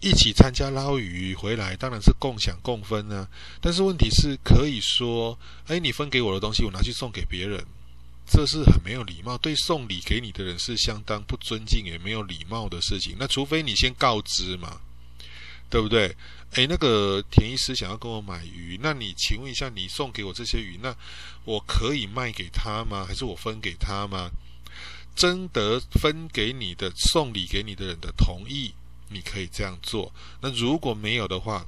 一起參加撈魚回來，當然是共享共分呢，啊。但是問題是，可以說，哎，你分給我的東西，我拿去送給別人，這是很沒有禮貌，對送禮給你的人是相當不尊敬也沒有禮貌的事情。那除非你先告知嘛，對不對？誒，那個田醫師想要跟我買魚，那你請問一下，你送給我這些魚，那我可以賣給他嗎？還是我分給他嗎？徵得分給你的、送禮給你的人的同意，你可以這樣做。那如果沒有的話，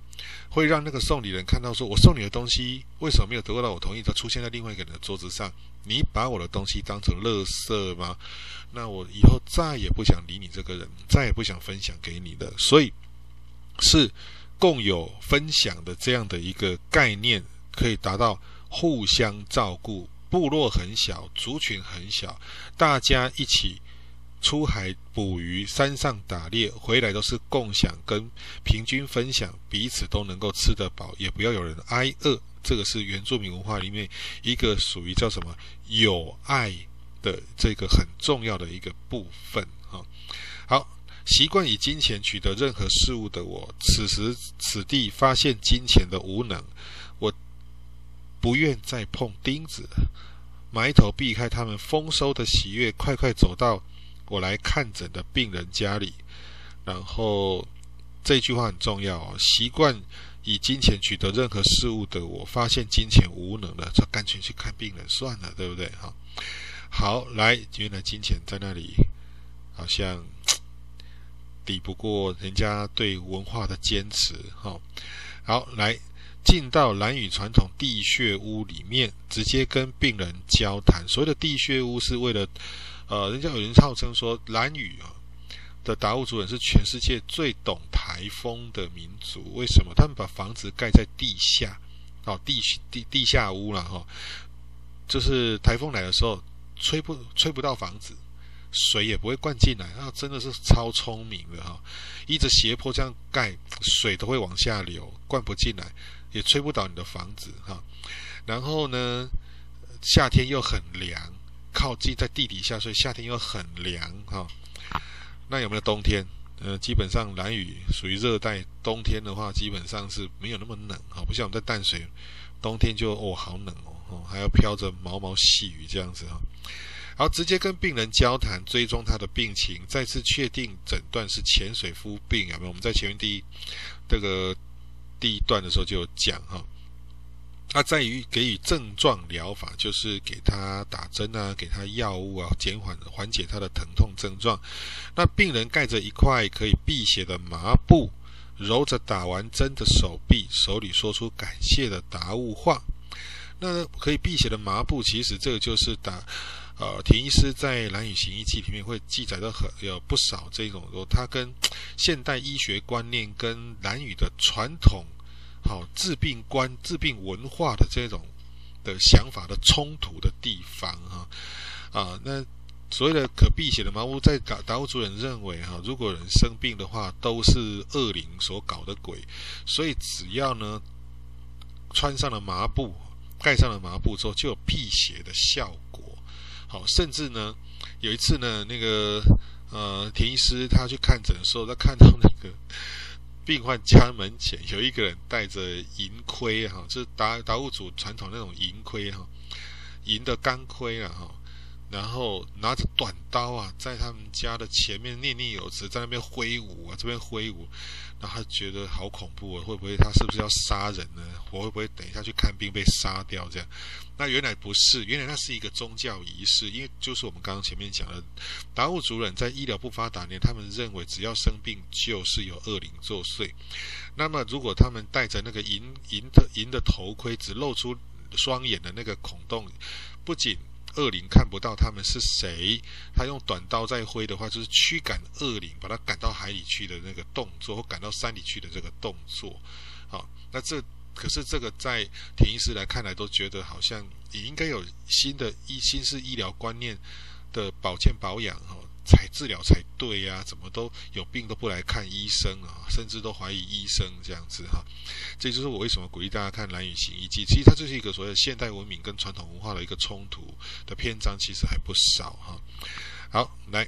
會讓那個送禮人看到說，說我送你的東西為什麼沒有得到我同意，他出現在另外一個人的桌子上？你把我的東西當成垃圾嗎？那我以後再也不想理你這個人，再也不想分享給你的。所以是。共有分享的這樣的一個概念，可以達到互相照顧。部落很小，族群很小，大家一起出海捕魚，山上打獵，回來都是共享跟平均分享，彼此都能夠吃得飽，也不要有人挨餓。這個是原住民文化裡面一個屬於叫什麼友愛的這個很重要的一個部分啊。好。習慣以金錢取得任何事物的我，此時此地發現金錢的無能，我不願再碰釘子，埋頭避開他們豐收的喜悅，快快走到我來看診的病人家裡。然後這句話很重要哦，習慣以金錢取得任何事物的我，發現金錢無能了，就乾脆去看病人算了，對不對？哈。好，來，原來金錢在那裡，好像。抵不過人家對文化的堅持，哈、哦，好，來，進到蘭嶼傳統地穴屋裡面，直接跟病人交談。所謂的地穴屋是為了，呃，人家有人號稱說，蘭嶼啊的達悟族人是全世界最懂颱風的民族。為什麼？他們把房子蓋在地下，哦，地地地下屋啦哈、哦，就是颱風來的時候，吹不吹不到房子。水也不會灌進來啊，真的是超聰明的哈、啊！一直斜坡這樣蓋，水都會往下流，灌不進來，也吹不倒你的房子哈、啊。然後呢，夏天又很涼，靠近在地底下，所以夏天又很涼哈、啊。那有沒有冬天？呃，基本上蘭嶼屬於熱帶，冬天的話基本上是沒有那麼冷哈、啊，不像我們在淡水，冬天就哦好冷哦、啊，還要飄着毛毛細雨這樣子哈。啊好，直接跟病人交談，追蹤他的病情，再次確定診斷是潛水膚病潛水夫病。我們在前面第一這個第一段的時候就有講哈，那、啊、在於給予症狀療法，就是給他打針啊，給他藥物啊，減緩緩解他的疼痛症狀。那病人蓋着一塊可以辟邪的麻布，揉着打完針的手臂，手裡說出感謝的達悟話。那可以辟邪的麻布，其實這個就是打。呃，田醫師在《蘭嶼行醫記》裡面會記載到很有不少這種，說，他跟現代醫學觀念跟蘭嶼的傳統好、哦、治病觀、治病文化的這種的想法的衝突的地方哈、啊，啊，那所謂的可辟邪的麻布，在達達悟族人認為哈、啊，如果人生病的話，都是惡靈所搞的鬼，所以只要呢穿上了麻布，蓋上了麻布之後，就有辟邪的效果。好，甚至呢，有一次呢，那個呃，田醫師他去看診的時候，他看到那個病患家門前有一個人戴着銀盔哈，啊就是達達悟族傳統那種銀盔哈，銀、啊、的鋼盔啊哈。啊然後拿着短刀啊，在他們家的前面念念有詞，在那邊揮舞啊，這邊揮舞，然後他覺得好恐怖啊！會不會他是不是要殺人呢？我會不會等一下去看病被殺掉這樣？那原來不是，原來那是一個宗教儀式，因為就是我們剛剛前面講的達悟族人，在醫療不發達年，他們認為只要生病就是有惡靈作祟。那麼如果他們戴着那個銀銀的銀的頭盔，只露出雙眼的那個孔洞，不僅惡靈看不到他們是誰，他用短刀在揮的話，就是驅趕惡靈，把他趕到海裡去的那個動作，或趕到山裡去的這個動作。好，那這可是這個在田醫師來看來，都覺得好像也應該有新的醫、新式醫療觀念的保健保養哈。才治療才對呀、啊！怎麼都有病都不來看醫生啊？甚至都懷疑醫生這樣子哈，這就是我為什麼鼓勵大家看《蘭嶼行醫記》。其實它就是一個所謂的現代文明跟傳統文化的一個衝突的篇章，其實還不少哈。好，來，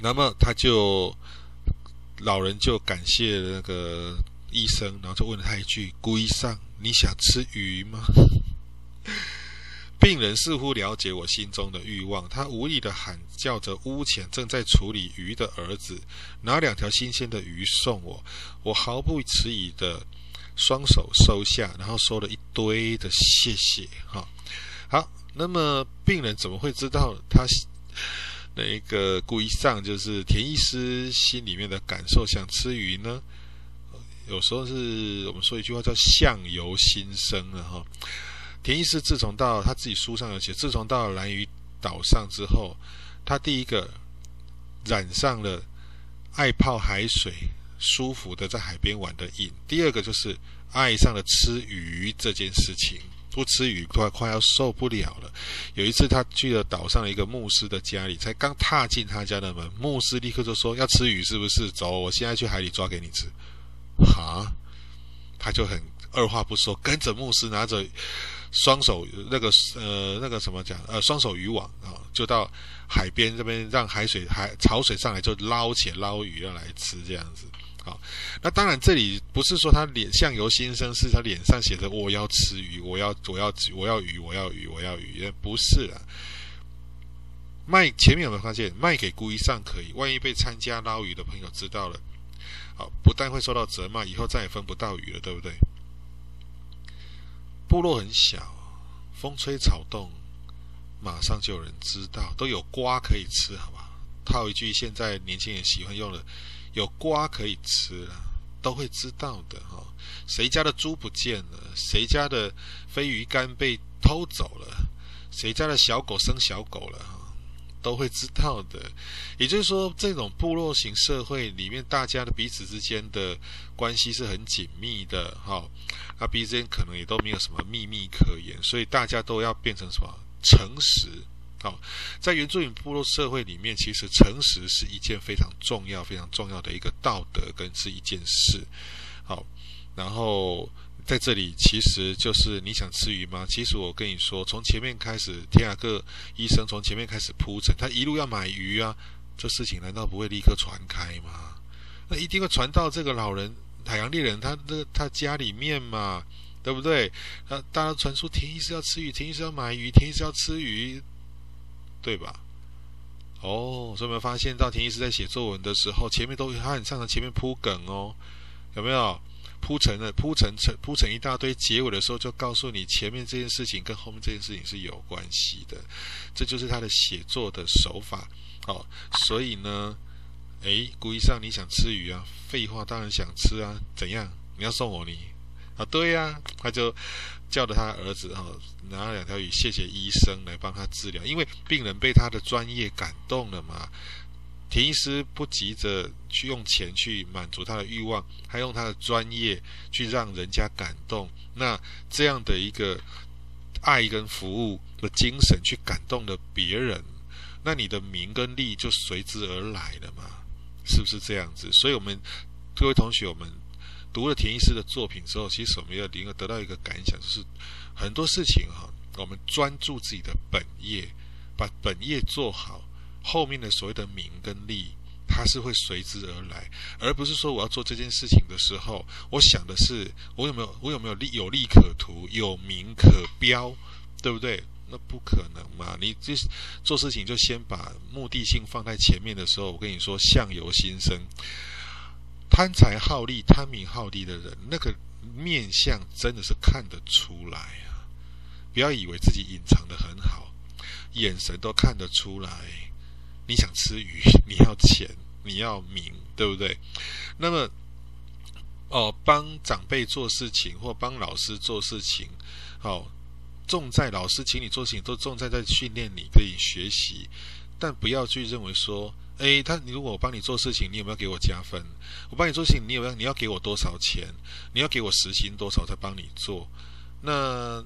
那麼他就老人就感謝那個醫生，然後就問了他一句：“顧醫生，你想吃魚嗎？”病人似乎了解我心中的慾望，他無力的喊叫着屋前正在處理魚的兒子拿兩條新鮮的魚送我，我毫不遲疑的雙手收下，然後說了一堆的謝謝。哈、哦，好，那麼病人怎麼會知道他那一個顧醫生就是田醫師心裡面的感受，想吃魚呢？有時候是我們說一句話叫相由心生了哈。哦田醫師自從到他自己書上有寫，自從到蘭嶼島上之後，他第一個染上了愛泡海水、舒服的在海邊玩的癮；第二個就是愛上了吃魚這件事情。不吃魚快快要受不了了。有一次，他去了島上的一個牧師的家裡，才剛踏進他家的門，牧師立刻就說：“要吃魚是不是？走，我現在去海裡抓給你吃。”哈，他就很二話不說，跟着牧師拿着。雙手那個呃那個什麼講呃雙手漁網啊，哦，就到海邊這邊，讓海水海潮水上來就撈起來撈魚要來吃這樣子啊，哦。那當然這裡不是說他臉相由心生，是他臉上寫着我要吃魚，我要我要我要魚，我要魚，我要魚，要魚也不是啊。賣前面有沒有發現賣給故意上可以。萬一被參加撈魚的朋友知道了，啊，不但會受到責罵，以後再也分不到魚了，對不對？部落很小，風吹草動，馬上就有人知道，都有瓜可以吃，好吧？套一句現在年輕人喜歡用的，有瓜可以吃啊，都會知道的哈。誰家的豬不見了？誰家的飛魚乾被偷走了？誰家的小狗生小狗了？都會知道的，也就是說，這種部落型社會裡面，大家的彼此之間的關係是很緊密的，哈、哦。那彼此之間可能也都沒有什麼秘密可言，所以大家都要變成什麼誠實，好、哦。在原住民部落社會裡面，其實誠實是一件非常重要、非常重要的一個道德跟是一件事，好、哦。然後。在這裡，其實就是你想吃魚嗎？其實我跟你說，從前面開始，田雅各醫生從前面開始鋪陳，他一路要買魚啊，這事情難道不會立刻傳開嗎？那一定會傳到這個老人海洋獵人他的他家裡面嘛，對不對？他大家傳出田醫師要吃魚，田醫師要買魚，田醫師要吃魚，對吧？哦，所以有沒有發現到田醫師在寫作文的時候，前面都他很擅長前面鋪梗哦，有沒有？鋪成了鋪成成，鋪成一大堆。結尾的時候就告訴你，前面這件事情跟後面這件事情是有關係的，這就是他的寫作的手法。好、哦，所以呢，誒，古醫生，你想吃魚啊？廢話，當然想吃啊。怎樣？你要送我呢？啊，對呀、啊，他就叫着他兒子、哦、拿了兩條魚，謝謝醫生來幫他治療，因為病人被他的專業感動了嘛。田醫師不急着去用錢去滿足他的慾望，還用他的專業去讓人家感動。那這樣的一個愛跟服務的精神，去感動了別人，那你的名跟利就隨之而來了嘛？是不是這樣子？所以，我們各位同學，我們讀了田醫師的作品之後，其實我們要能夠得到一個感想，就是很多事情哈，我們專注自己的本業，把本業做好。後面的所謂的名跟利，它是會隨之而來，而不是說我要做這件事情的時候，我想的是我有沒有我有沒有利有利可圖，有名可標，對不對？那不可能嘛！你就是做事情就先把目的性放在前面的時候，我跟你說，相由心生，貪財好利、貪名好利的人，那個面相真的是看得出來啊！不要以為自己隱藏的很好，眼神都看得出來。你想吃魚，你要錢，你要名，對不對？那麼，哦，幫長輩做事情或幫老師做事情，好、哦，重在老師請你做事情都重在在訓練你，可以學習，但不要去認為說，誒，他如果我幫你做事情，你有沒有給我加分？我幫你做事情，你有沒有？你要給我多少錢？你要給我時薪多少才幫你做？那。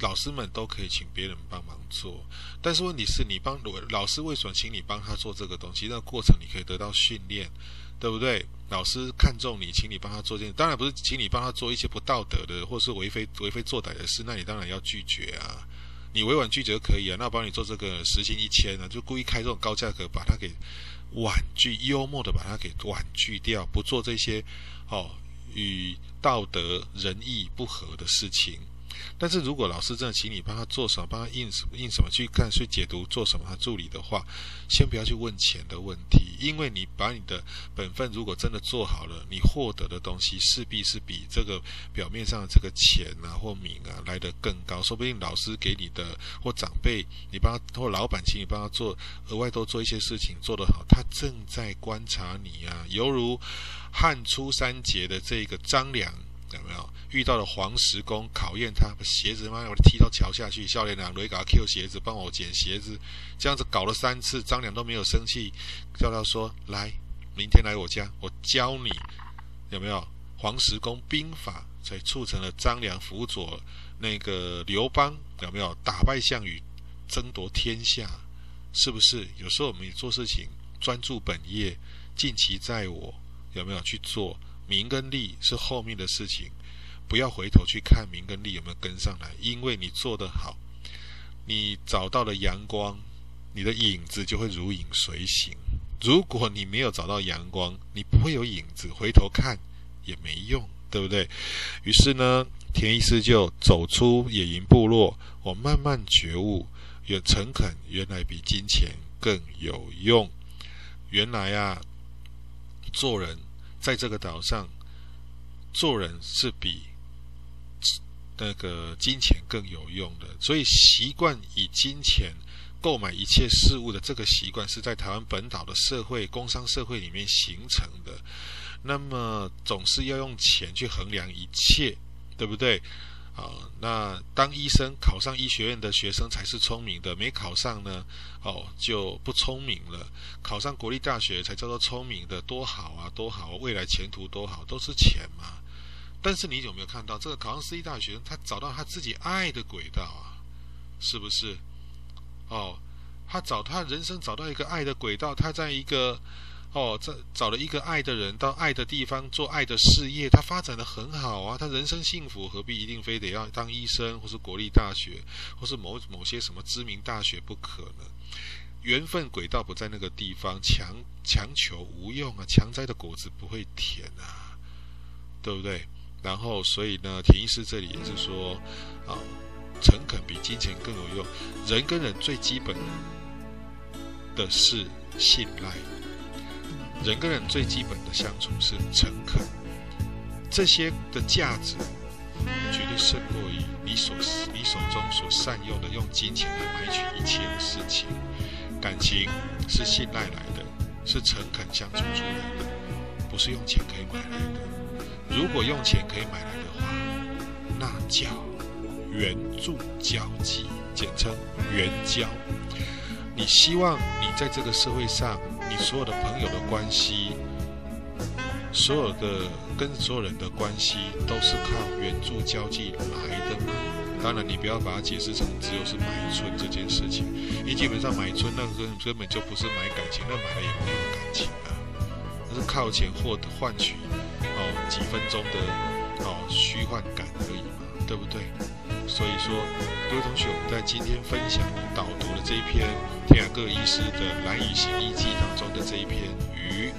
老師們都可以請別人幫忙做，但是問題是你幫，老師為什麼請你幫他做這個東西？那個、過程你可以得到訓練，對不對？老師看重你，請你幫他做這件事，當然不是請你幫他做一些不道德的，或者是為非為非作歹的事，那你當然要拒絕啊。你委婉拒絕可以啊，那我幫你做這個時薪一千啊，就故意開這種高價格，把它給婉拒，幽默的把它給婉拒掉，不做這些哦，與道德仁義不合的事情。但是如果老師真的請你幫他做什麼，幫他印什麼印什麼，去看去解讀做什麼他助理的話，先不要去問錢的問題，因為你把你的本分如果真的做好了，你獲得的東西勢必是比這個表面上的這個錢啊或名啊來得更高。說不定老師給你的或長輩，你幫他或老闆請你幫他做額外多做一些事情做得好，他正在觀察你呀、啊，猶如漢初三傑的這個張良。有沒有遇到了黃石公考驗他把鞋子嘛我踢到橋下去，少年郎來給他 Q 鞋子，幫我撿鞋子，這樣子搞了三次，張良都沒有生氣，叫他說，來明天來我家，我教你有沒有黃石公兵法，所以促成了張良輔佐那個劉邦有沒有打敗項羽爭奪天下，是不是？有時候我們也做事情專注本業，盡其在我有沒有去做？名跟利是後面的事情，不要回頭去看名跟利有沒有跟上來，因為你做得好，你找到了陽光，你的影子就會如影隨形。如果你沒有找到陽光，你不會有影子，回頭看也沒用，對不對？於是呢，田醫師就走出野銀部落，我慢慢覺悟，有誠懇原來比金錢更有用。原來啊，做人。在這個島上，做人是比那個金錢更有用的。所以，習慣以金錢購買一切事物的這個習慣，是在台灣本島的社會、工商社會裡面形成的。那麼，總是要用錢去衡量一切，對不對？啊，那當醫生考上醫學院的學生才是聰明的，沒考上呢，哦，就不聰明了。考上國立大學才叫做聰明的，多好啊，多好，未來前途多好，都是錢嘛。但是你有沒有看到這個考上私立大學，他找到他自己愛的軌道啊？是不是？哦，他找他人生找到一個愛的軌道，他在一個。哦，這找了一個愛的人，到愛的地方做愛的事業，他發展得很好啊，他人生幸福，何必一定非得要當醫生，或是國立大學，或是某某些什麼知名大學不可呢？緣分軌道不在那個地方，強強求無用啊，強摘的果子不會甜啊，對不對？然後，所以呢，田醫師這裡也是說啊，誠懇比金錢更有用，人跟人最基本的是信賴。人跟人最基本的相處是誠懇，這些的價值絕對勝過於你所你手中所善用的用金錢來買取一切的事情。感情是信賴來的，是誠懇相處出來的，不是用錢可以買來的。如果用錢可以買來的話，那叫援助交際，簡稱援交。你希望你在這個社會上。你所有的朋友的關係，所有的跟所有人的關係，都是靠援助交際來的嘛。當然，你不要把它解釋成只有是買春這件事情，你基本上買春那個根本就不是買感情，那買了也沒有感情啊，那是靠錢獲得換取哦幾分鐘的哦虛幻感而已嘛，對不對？所以說，各位同學，我們在今天分享導讀的這一篇《田雅各醫師的蘭嶼行醫記》當中的這一篇《魚》，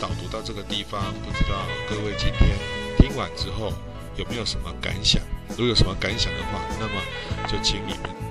導讀到這個地方，不知道各位今天聽完之後有沒有什麼感想？如果有什麼感想的話，那麼就請你們。